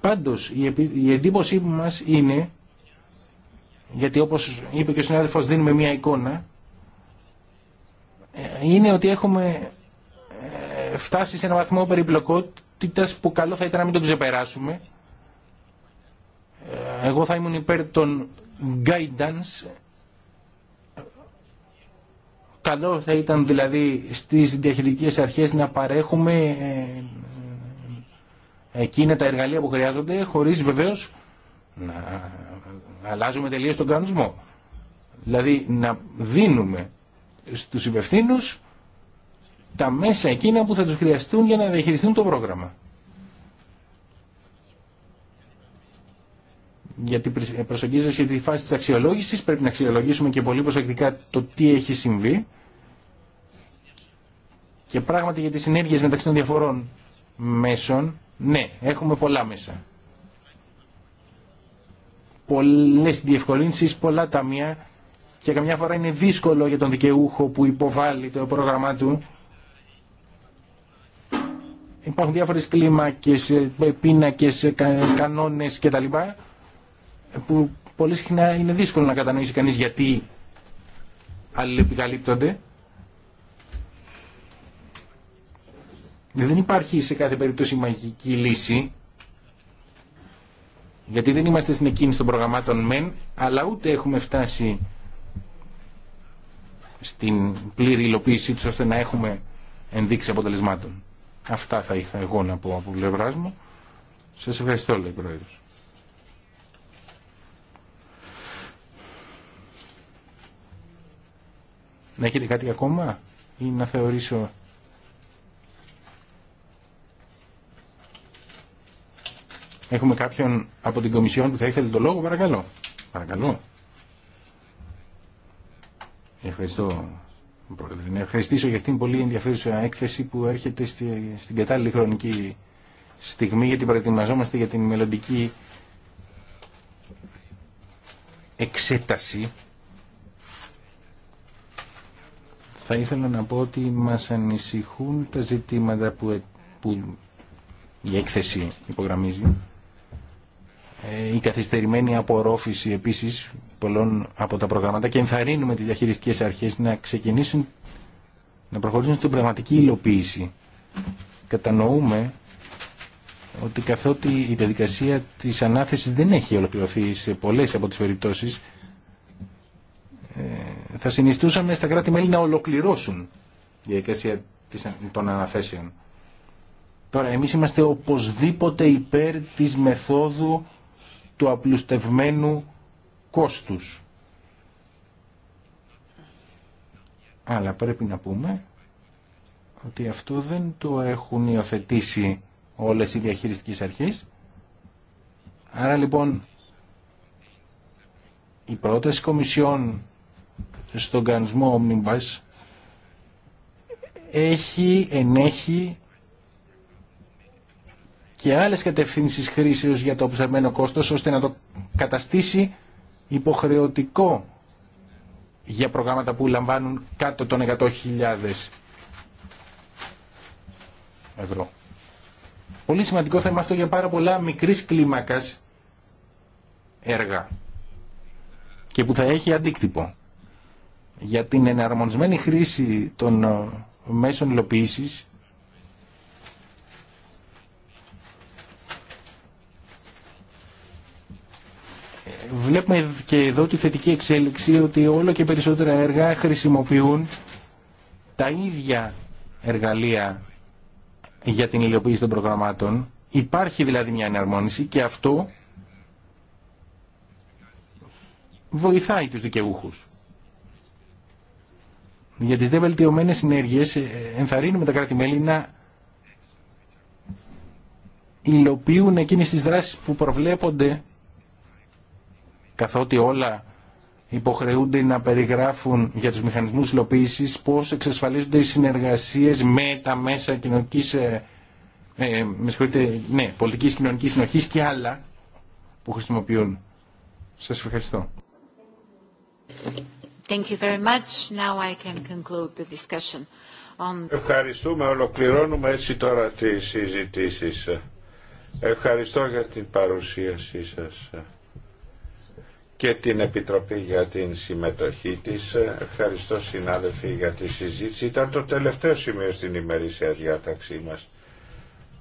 Πάντως η, η εντύπωσή μας είναι, γιατί όπως είπε και ο συνάδελφος δίνουμε μια εικόνα, είναι ότι έχουμε φτάσει σε ένα βαθμό περιπλοκότητας που καλό θα ήταν να μην τον ξεπεράσουμε. Εγώ θα ήμουν υπέρ των guidance Καλό θα ήταν δηλαδή στις διαχειρικές αρχές να παρέχουμε ε, ε, εκείνα τα εργαλεία που χρειάζονται χωρίς βεβαίως να αλλάζουμε τελείως τον κανονισμό. Δηλαδή να δίνουμε στους υπευθύνου τα μέσα εκείνα που θα τους χρειαστούν για να διαχειριστούν το πρόγραμμα. Γιατί σε τη φάση της αξιολόγησης πρέπει να αξιολογήσουμε και πολύ προσεκτικά το τι έχει συμβεί και πράγματι για τις συνέργειες μεταξύ των διαφορών μέσων, ναι, έχουμε πολλά μέσα. Πολλές διευκολύνσεις, πολλά ταμεία και καμιά φορά είναι δύσκολο για τον δικαιούχο που υποβάλλει το πρόγραμμά του. Υπάρχουν διάφορες κλίμακες, ε, πίνακες, ε, κανόνες κτλ. που πολύ συχνά είναι δύσκολο να κατανοήσει κανείς γιατί αλληλεπικαλύπτονται. Δεν υπάρχει σε κάθε περίπτωση μαγική λύση, γιατί δεν είμαστε στην εκκίνηση των προγραμμάτων μεν, αλλά ούτε έχουμε φτάσει στην πλήρη υλοποίησή τους ώστε να έχουμε ενδείξει αποτελεσμάτων. Αυτά θα είχα εγώ να πω από πλευρά μου. Σα ευχαριστώ, λέει πρόεδρο. Να έχετε κάτι ακόμα ή να θεωρήσω Έχουμε κάποιον από την Κομισιόν που θα ήθελε το λόγο, παρακαλώ. Παρακαλώ. Ευχαριστώ. Να ευχαριστήσω για αυτήν πολύ ενδιαφέρουσα έκθεση που έρχεται στη, στην κατάλληλη χρονική στιγμή γιατί προετοιμαζόμαστε για την μελλοντική εξέταση. Θα ήθελα να πω ότι μας ανησυχούν τα ζητήματα που, που η έκθεση υπογραμμίζει ε, η καθυστερημένη απορρόφηση επίσης πολλών από τα προγράμματα και ενθαρρύνουμε τις διαχειριστικές αρχές να ξεκινήσουν να προχωρήσουν στην πραγματική υλοποίηση. Κατανοούμε ότι καθότι η διαδικασία της ανάθεσης δεν έχει ολοκληρωθεί σε πολλές από τις περιπτώσεις ε, θα συνιστούσαμε στα κράτη-μέλη να ολοκληρώσουν η διαδικασία των αναθέσεων. Τώρα, εμείς είμαστε οπωσδήποτε υπέρ της μεθόδου του απλουστευμένου κόστους. Αλλά πρέπει να πούμε ότι αυτό δεν το έχουν υιοθετήσει όλες οι διαχειριστικές αρχές. Άρα λοιπόν η πρόταση κομισιών στον κανονισμό Omnibus έχει, ενέχει και άλλες κατευθύνσεις χρήσεως για το αποσταγμένο κόστος ώστε να το καταστήσει υποχρεωτικό για προγράμματα που λαμβάνουν κάτω των 100.000 ευρώ. Πολύ σημαντικό θέμα αυτό για πάρα πολλά μικρής κλίμακας έργα και που θα έχει αντίκτυπο για την εναρμονισμένη χρήση των ε, μέσων υλοποίησης βλέπουμε και εδώ τη θετική εξέλιξη ότι όλο και περισσότερα έργα χρησιμοποιούν τα ίδια εργαλεία για την υλοποίηση των προγραμμάτων. Υπάρχει δηλαδή μια εναρμόνιση και αυτό βοηθάει τους δικαιούχους. Για τις δε βελτιωμένες συνέργειες ε, ενθαρρύνουμε τα κράτη-μέλη να υλοποιούν εκείνες τις δράσεις που προβλέπονται καθότι όλα υποχρεούνται να περιγράφουν για τους μηχανισμούς υλοποίησης πώς εξασφαλίζονται οι συνεργασίες με τα μέσα κοινωνικής, ε, ε ναι, πολιτικής κοινωνικής συνοχής και άλλα που χρησιμοποιούν. Σας ευχαριστώ. Thank you very much. Now I can Ευχαριστούμε. Ολοκληρώνουμε έτσι τώρα τις συζητήσεις. Ευχαριστώ για την παρουσίασή σας και την Επιτροπή για την συμμετοχή της. Ευχαριστώ συνάδελφοι για τη συζήτηση. Ήταν το τελευταίο σημείο στην ημερήσια διάταξή μας.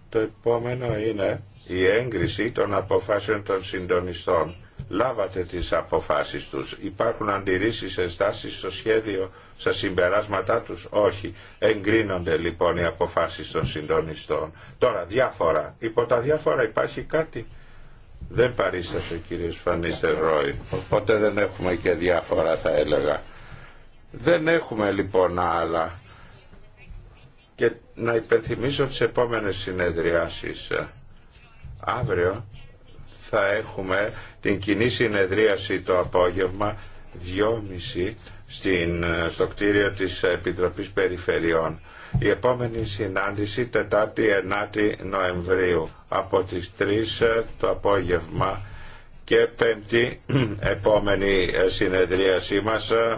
Το επόμενο είναι η έγκριση των αποφάσεων των συντονιστών. Λάβατε τις αποφάσεις τους. Υπάρχουν αντιρρήσεις, ενστάσεις στο σχέδιο, στα συμπεράσματά τους. Όχι. Εγκρίνονται λοιπόν οι αποφάσεις των συντονιστών. Τώρα διάφορα. Υπό τα διάφορα υπάρχει κάτι. Δεν παρίστασε ο κύριος Φανίστερ Ρόι, οπότε δεν έχουμε και διάφορα θα έλεγα. Δεν έχουμε λοιπόν άλλα. Και να υπενθυμίσω τις επόμενες συνεδριάσεις. Αύριο θα έχουμε την κοινή συνεδρίαση το απόγευμα 2.30 στην, στο κτίριο της Επιτροπής Περιφερειών. Η επόμενη συνάντηση Τετάρτη 9η Νοεμβρίου από τις 3 ε, το απόγευμα και πέμπτη επόμενη ε, συνεδρίασή μας ε,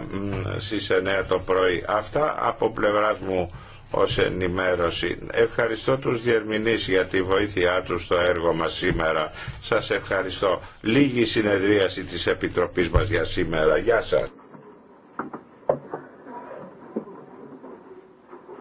στις 9 το πρωί. Αυτά από πλευράς μου ως ενημέρωση. Ευχαριστώ τους διερμηνείς για τη βοήθειά τους στο έργο μας σήμερα. Σας ευχαριστώ. Λίγη συνεδρίαση της Επιτροπής μας για σήμερα. Γεια σας.